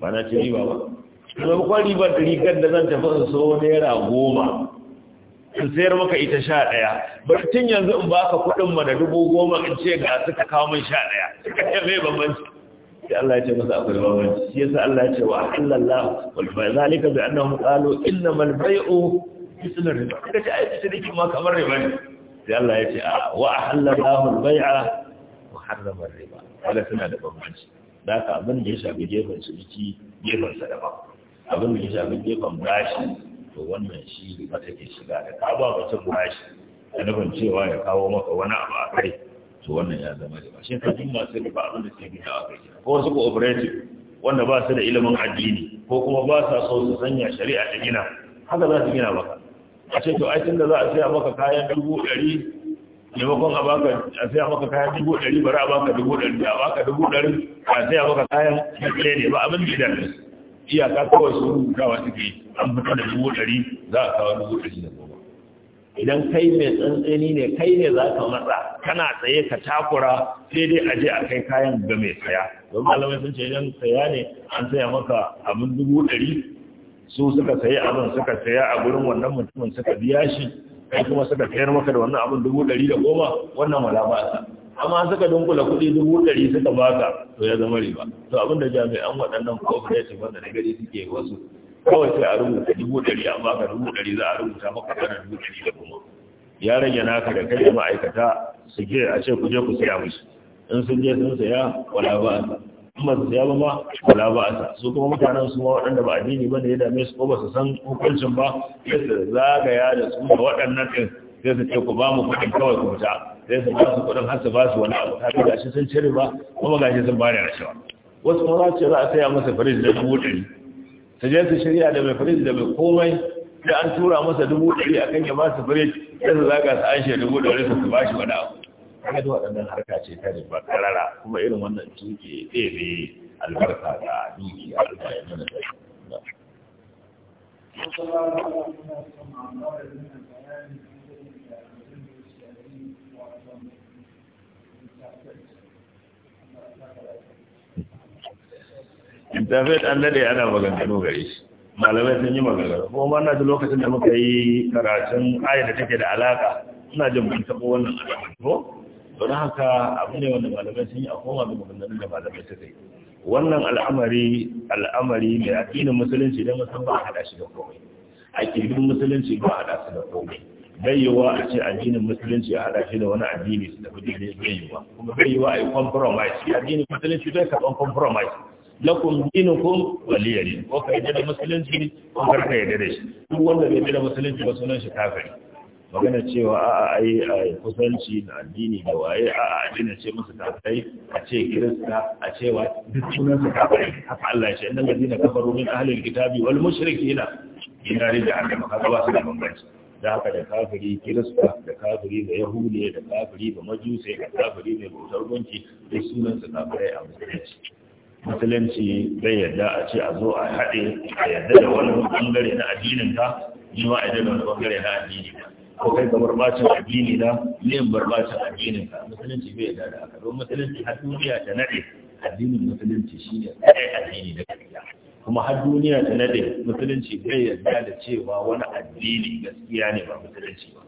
ba na ce riba ba zama ribar rigar da zan tafi su sawo naira goma in sayar maka ita sha ɗaya bari tun yanzu in baka kuɗin ma da dubu goma in ce ga suka kawo min sha ɗaya suka ce mai bambanci sai Allah ya ce masa akwai bambanci shi yasa Allah ya ce wa halallahu wal bay zalika bi annahum qalu innamal bay'u misl riba kaga ce ayyuka shirki ma kamar riba ne sai Allah ya ce wa halallahu al bay'a wa harrama riba wala suna da bambanci da ka abin da ya shafi gefen su jiki gefen sa ba? abin da ya shafi gefen bashi to wannan shi ba take shiga da ka ba mutum bashi da nufin cewa ya kawo maka wani abu a kai to wannan ya zama da ba shi ka jin masu rufa abin da suke gina a kai ko wasu cooperative wanda ba su da ilimin addini ko kuma ba sa so su sanya shari'a ta gina haka za su gina maka a ce to ai tunda za a siya maka kayan dubu ɗari maimakon a baka a siya maka kayan dubu ɗari bari a baka dubu ɗari a baka dubu ɗari a siya maka kayan ɗaya ne ba abin da iyaka kawai su rubutawa suke an fito da dubu ɗari za a kawo dubu ɗari da idan kai mai tsantseni ne kai ne za ka matsa kana tsaye ka takura sai dai aje a kai kayan ga mai saya don malamai sun ce idan saya ne an saya maka abin dubu ɗari su suka sayi abin suka saya a gurin wannan mutumin suka biya shi kai kuma suka sayar maka da wannan abin dubu ɗari da goma wannan wala ba sa amma suka dunkula kuɗi dubu ɗari suka baka to ya zama riba to abin da jami'an waɗannan ce wanda na gari suke wasu kawai sai a rubuta dubu ɗari a baka dubu ɗari za a rubuta maka kana dubu ɗari da kuma ya rage naka da kai da ma'aikata su ke a ce ku je ku siya musu in sun je sun saya wala ba a in ba su saya ba ma wala ba a su kuma mutanen su ma waɗanda ba addini ba ne ya dame su ko ba su san hukuncin ba sai su zagaya da su da waɗannan ɗin sai su ce ku ba mu kuɗin kawai ku fita sai su ba su kuɗin har su ba su wani abu ta gashi sun cire ba kuma gashi sun ba da rashawa wasu kuma za a ce za a saya masa firij da dubu ɗari sajiyarsa shari'a da mai firij da mai komai da an tura masa dubu ɗari a kan ya su firij ya su zaga su an shi dubu ɗari su ba shi wada abu waɗannan harka ce ta ba karara kuma irin wannan tuke ɗebe albarka da duki albayan nan da shi interfaith an dade ana maganganu gare shi malamai sun yi maganganu kuma na ji lokacin da muka yi karatun ayar da take da alaka suna jin mun taɓo wannan alaman ko don haka abu ne wanda malamai sun yi a koma da maganganun da malamai suka yi wannan al'amari al'amari mai addinin musulunci don musan ba a haɗa shi da komai a aƙidun musulunci ba a haɗa su da komai bayyawa a ce addinin musulunci a haɗa shi da wani addini su tafi yi bayyawa kuma bayyawa a yi compromise shi addinin musulunci zai karɓan compromise lakum dinukum waliyari ko ka yadda da musulunci ko kar ka yadda da shi duk wanda bai yadda da musulunci ba sunan shi kafiri magana cewa a'a ai ai kusanci da addini da waye a'a addini ce musu kafirai a ce kirista a cewa duk sunan su kafirai haka Allah ya ce innal ladina kafaru min ahli alkitabi wal mushrikina ila rija'an haka ba su da bambanci da haka da kafiri kirista da kafiri da yahudiya da kafiri da majusai da kafiri da bautar gunki duk sunan su kafirai a musulunci musulunci bai yadda a ce a zo a haɗe a yadda da wani bangare na addinin ka ni ma a yadda da wani bangare na addini ka ko kai ka barbacin addini na ni in barbacin addinin ka musulunci bai yadda da haka don musulunci har duniya ta naɗe addinin musulunci shi shine kaɗai addini da gaskiya kuma har duniya ta naɗe musulunci bai yadda da cewa wani addini gaskiya ne ba musulunci ba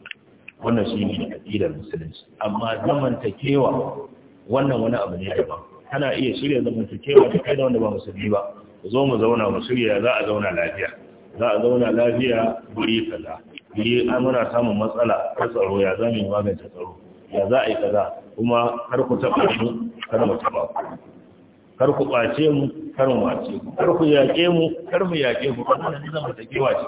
wannan shi ne aƙidar musulunci amma zamantakewa wannan wani abu ne daban kana iya shirya zamantakewa ta kai da wanda ba musulmi ba zo mu zauna mu shirya za a zauna lafiya za a zauna lafiya guri kaza guri an mana samun matsala ta tsaro ya zame mu yi magance tsaro ya za a yi kaza kuma kar ku taɓa mu kar mu taɓa ku kar ku ɓace mu kar mu ɓace ku kar ku yaƙe mu kar mu yaƙe ku zama da zamantakewa ce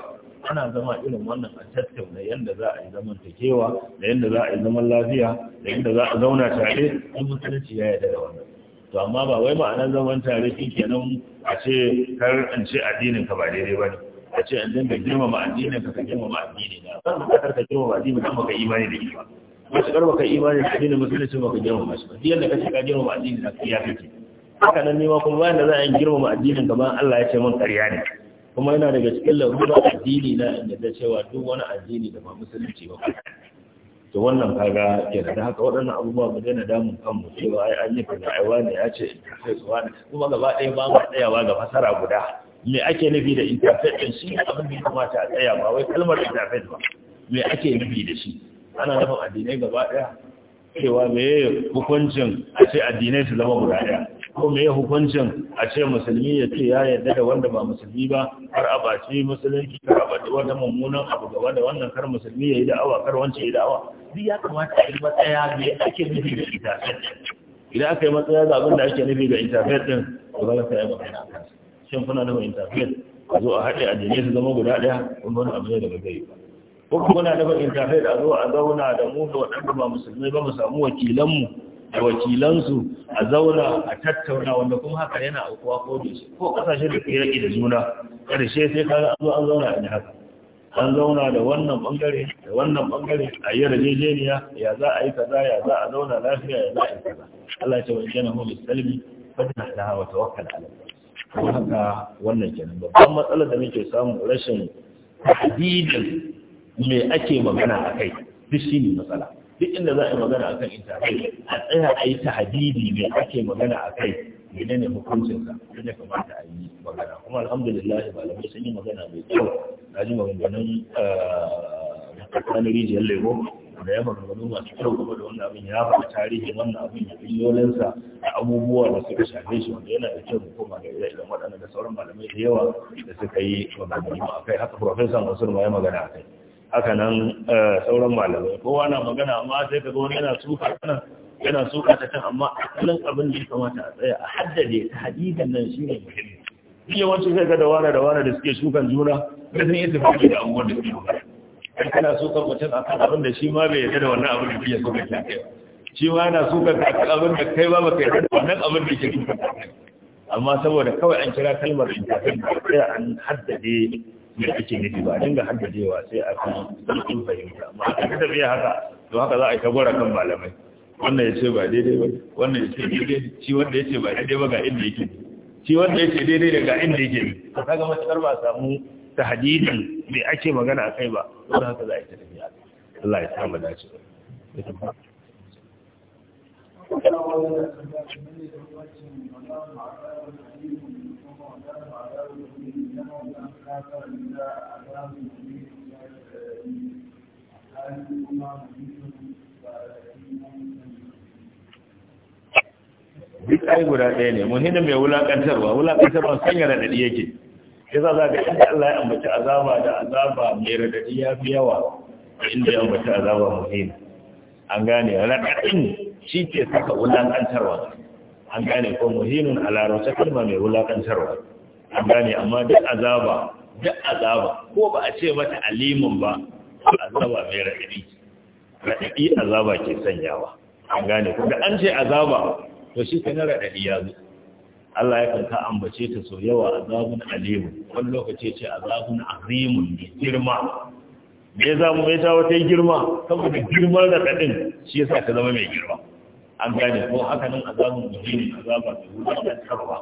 ana zama irin wannan a tattauna yadda za a yi takewa da yadda za a yi zaman lafiya da yadda za a zauna tare in mutunci ya yarda da wannan to amma ba wai ma'anar zaman tare kenan a ce kar an ce addinin ka ba daidai ba ne a ce an dinga girmama addinin ka ka girmama addini na san ka karka girmama addini dan baka imani da shi ba karba baka imani da addinin musulunci baka girmama shi ba yadda ka ce ka girmama addini na kariya kake haka nan ne ma kuma bayan da za a yi girmama addinin ka Allah ya ce mun ƙarya ne kuma yana daga cikin larurar addini na inda ta cewa duk wani addini da ba musulunci ba to wannan kaga kenan da haka waɗannan abubuwa ba na damun kanmu cewa ai an yi fada ai wani ya ce interface wani kuma gaba ɗaya ba ma tsayawa ga fasara guda me ake nufi da interface din shi abin da ya kamata a tsaya ba wai kalmar interface ba me ake nufi da shi ana nufin addinai gaba ɗaya cewa me hukuncin a ce addinai su zama guda ɗaya ko me hukuncin a ce musulmi ya ce ya yarda da wanda ba musulmi ba har a baci musulunci kar a baci wata mummunan abu ga wanda wannan kar musulmi ya yi da'awa kar wance ya yi da'awa duk ya kamata a yi matsaya me ake nufi da internet idan aka yi matsaya ga abin da ake nufi da internet din ba za ka yi ba shin kuna nufin internet a zo a haɗe a jini su zama guda ɗaya kuma wani abu ne da ba zai yi ba ko kuma na nufin internet a zo a zauna da mu da waɗanda ba musulmai ba mu samu wakilanmu da wakilansu a zauna a tattauna wanda kuma haka yana aukuwa ko dace ko kasashe da ke raki da juna karshe sai kaga an zo an zauna a haka an zauna da wannan bangare da wannan bangare a yi rajejeniya ya za a yi kaza ya za a zauna lafiya ya za a yi kaza Allah ya ce wani jana mu musulmi fadna da hawa tawakkal ala Allah haka wannan kenan babban matsalar da muke samu rashin tahdidin me ake magana akai duk ne matsala duk inda za a yi magana akan intafai, a tsaya a yi tahadidi mai ake magana a kai gina ne hukuncinsa inda kamata a yi magana kuma alhamdulillah malamai sun yi magana mai kyau na ji maganganun ah, tsakanin rijiyar lego da ya maganganu masu kyau kuma da wannan abin ya faɗa tarihi wannan abin ya fi yolinsa da abubuwa da suka shafe shi wanda yana da kyau mu koma ga ire waɗanda da sauran malamai da yawa da suka yi maganganu a kai haka profesa mansur ma ya magana a kai haka nan eh, sauran malamai kowa na magana amma sai ka wani yana suka nan yana suka ta kan amma asalin abin da ya kamata a tsaya a haddade ta hadisan nan shi ne muhimmi shi yawanci sai ka da wani da wani da suke shukan juna da sun yi tafi da abubuwan da suke magana kana suka mutum a kan abin da shi ma bai yarda da wannan abin da ya suka shafe shi ma yana sukan ka kan abin da kai ba baka yarda da wannan abin da ke suka amma saboda kawai an kira kalmar intafin ba sai an haddade me ake nufi ba dinga haddadewa sai a fi sarkin fahimta amma a ka tafiya haka to haka za a yi ta kan malamai wannan ya ce ba daidai ba wannan ya ce daidai shi wanda ya ce ba daidai ba ga inda yake shi wanda ya ce daidai da ga inda yake ka kaga matakar ba samu ta hadidin me ake magana a kai ba to haka za a yi ta tafiya Allah ya samu dace Thank duk ai guda ɗaya ne muhimmin mai wulaƙantarwa wulaƙantarwa sanya raɗaɗi yake yasa za ka inda Allah ya ambaci azaba da azaba mai raɗaɗi ya fi yawa inda ya ambaci azaba muhim an gane raɗaɗin shi ke saka wulaƙantarwa an gane ko muhimmin a larabta kalma mai wulaƙantarwa an gane amma duk azaba duk azaba ko ba a ce mata alimun ba azaba mai raɗaɗi raɗaɗi azaba ke sanyawa an gane ku da an ce azaba to shi na raɗaɗi ya zo Allah ya kanka ambace ta so yawa azabun alimun wani lokaci ce azabun azimun mai girma me ya zamu mai ta yi girma saboda girman raɗaɗin shi yasa ka zama mai girma an gane ko haka nan azabun muhimmin azaba mai wuce da tarwa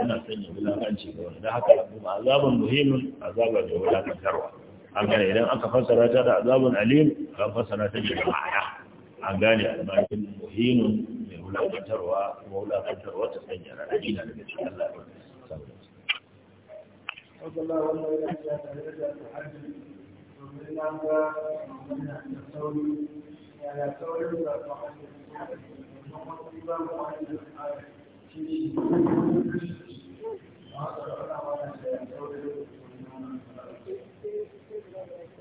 ana sanya wulakanci ga wani don haka kuma azabin muhimmin azaba da wulakantarwa an gane idan aka fassara ta da azabun alim kan fassara ta da ma'aya an gane albakin muhimmin mai wulakantarwa kuma wulakantarwa ta sanya raɗaɗi na daga cikin Allah saboda su. na da da wani da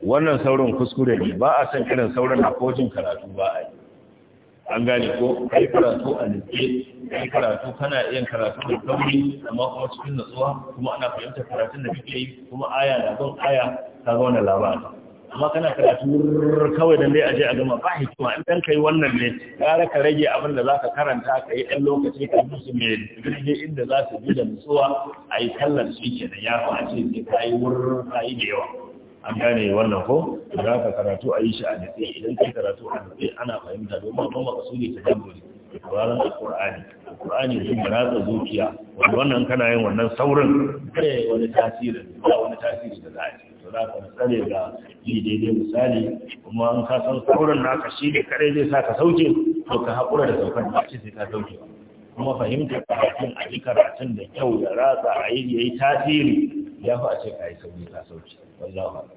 wannan saurin kuskure ne ba a san irin saurin na kojin karatu ba a yi an gane ko kai karatu a nitse kai karatu kana yin karatu da sauri amma kuma cikin natsuwa kuma ana fahimtar karatun da kake yi kuma aya na don aya ta zauna labari amma kana karatu kawai da dai aje a gama ba hikima in dan kai wannan ne kare ka rage abin da zaka karanta ka yi dan lokaci ka musu me rage inda za su bi da nutsuwa a yi shi kenan ya fa a ce sai ka yi wurin ka yi da yawa an gane wannan ko za ka karatu a yi shi a dace idan kai karatu a dace ana fahimta domin ba makasudi ta dabbori sauraron alkur'ani alkur'ani zai ratsa zuciya wannan kana yin wannan saurin kai wani tasiri ba wani tasiri da za da ka tsare ga yi daidai misali kuma an ka san sauran naka shi ne kare zai sa ka sauke to ka haƙura da saukar da shi sai ka sauke kuma fahimta karatun a yi karatun da kyau da ratsa a yi yayi tasiri ya fi a ce ka yi sauke ka sauke wallahu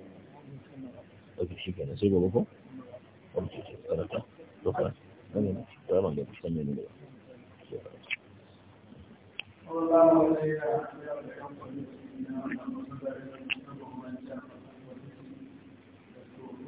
shi kenan sai ko ce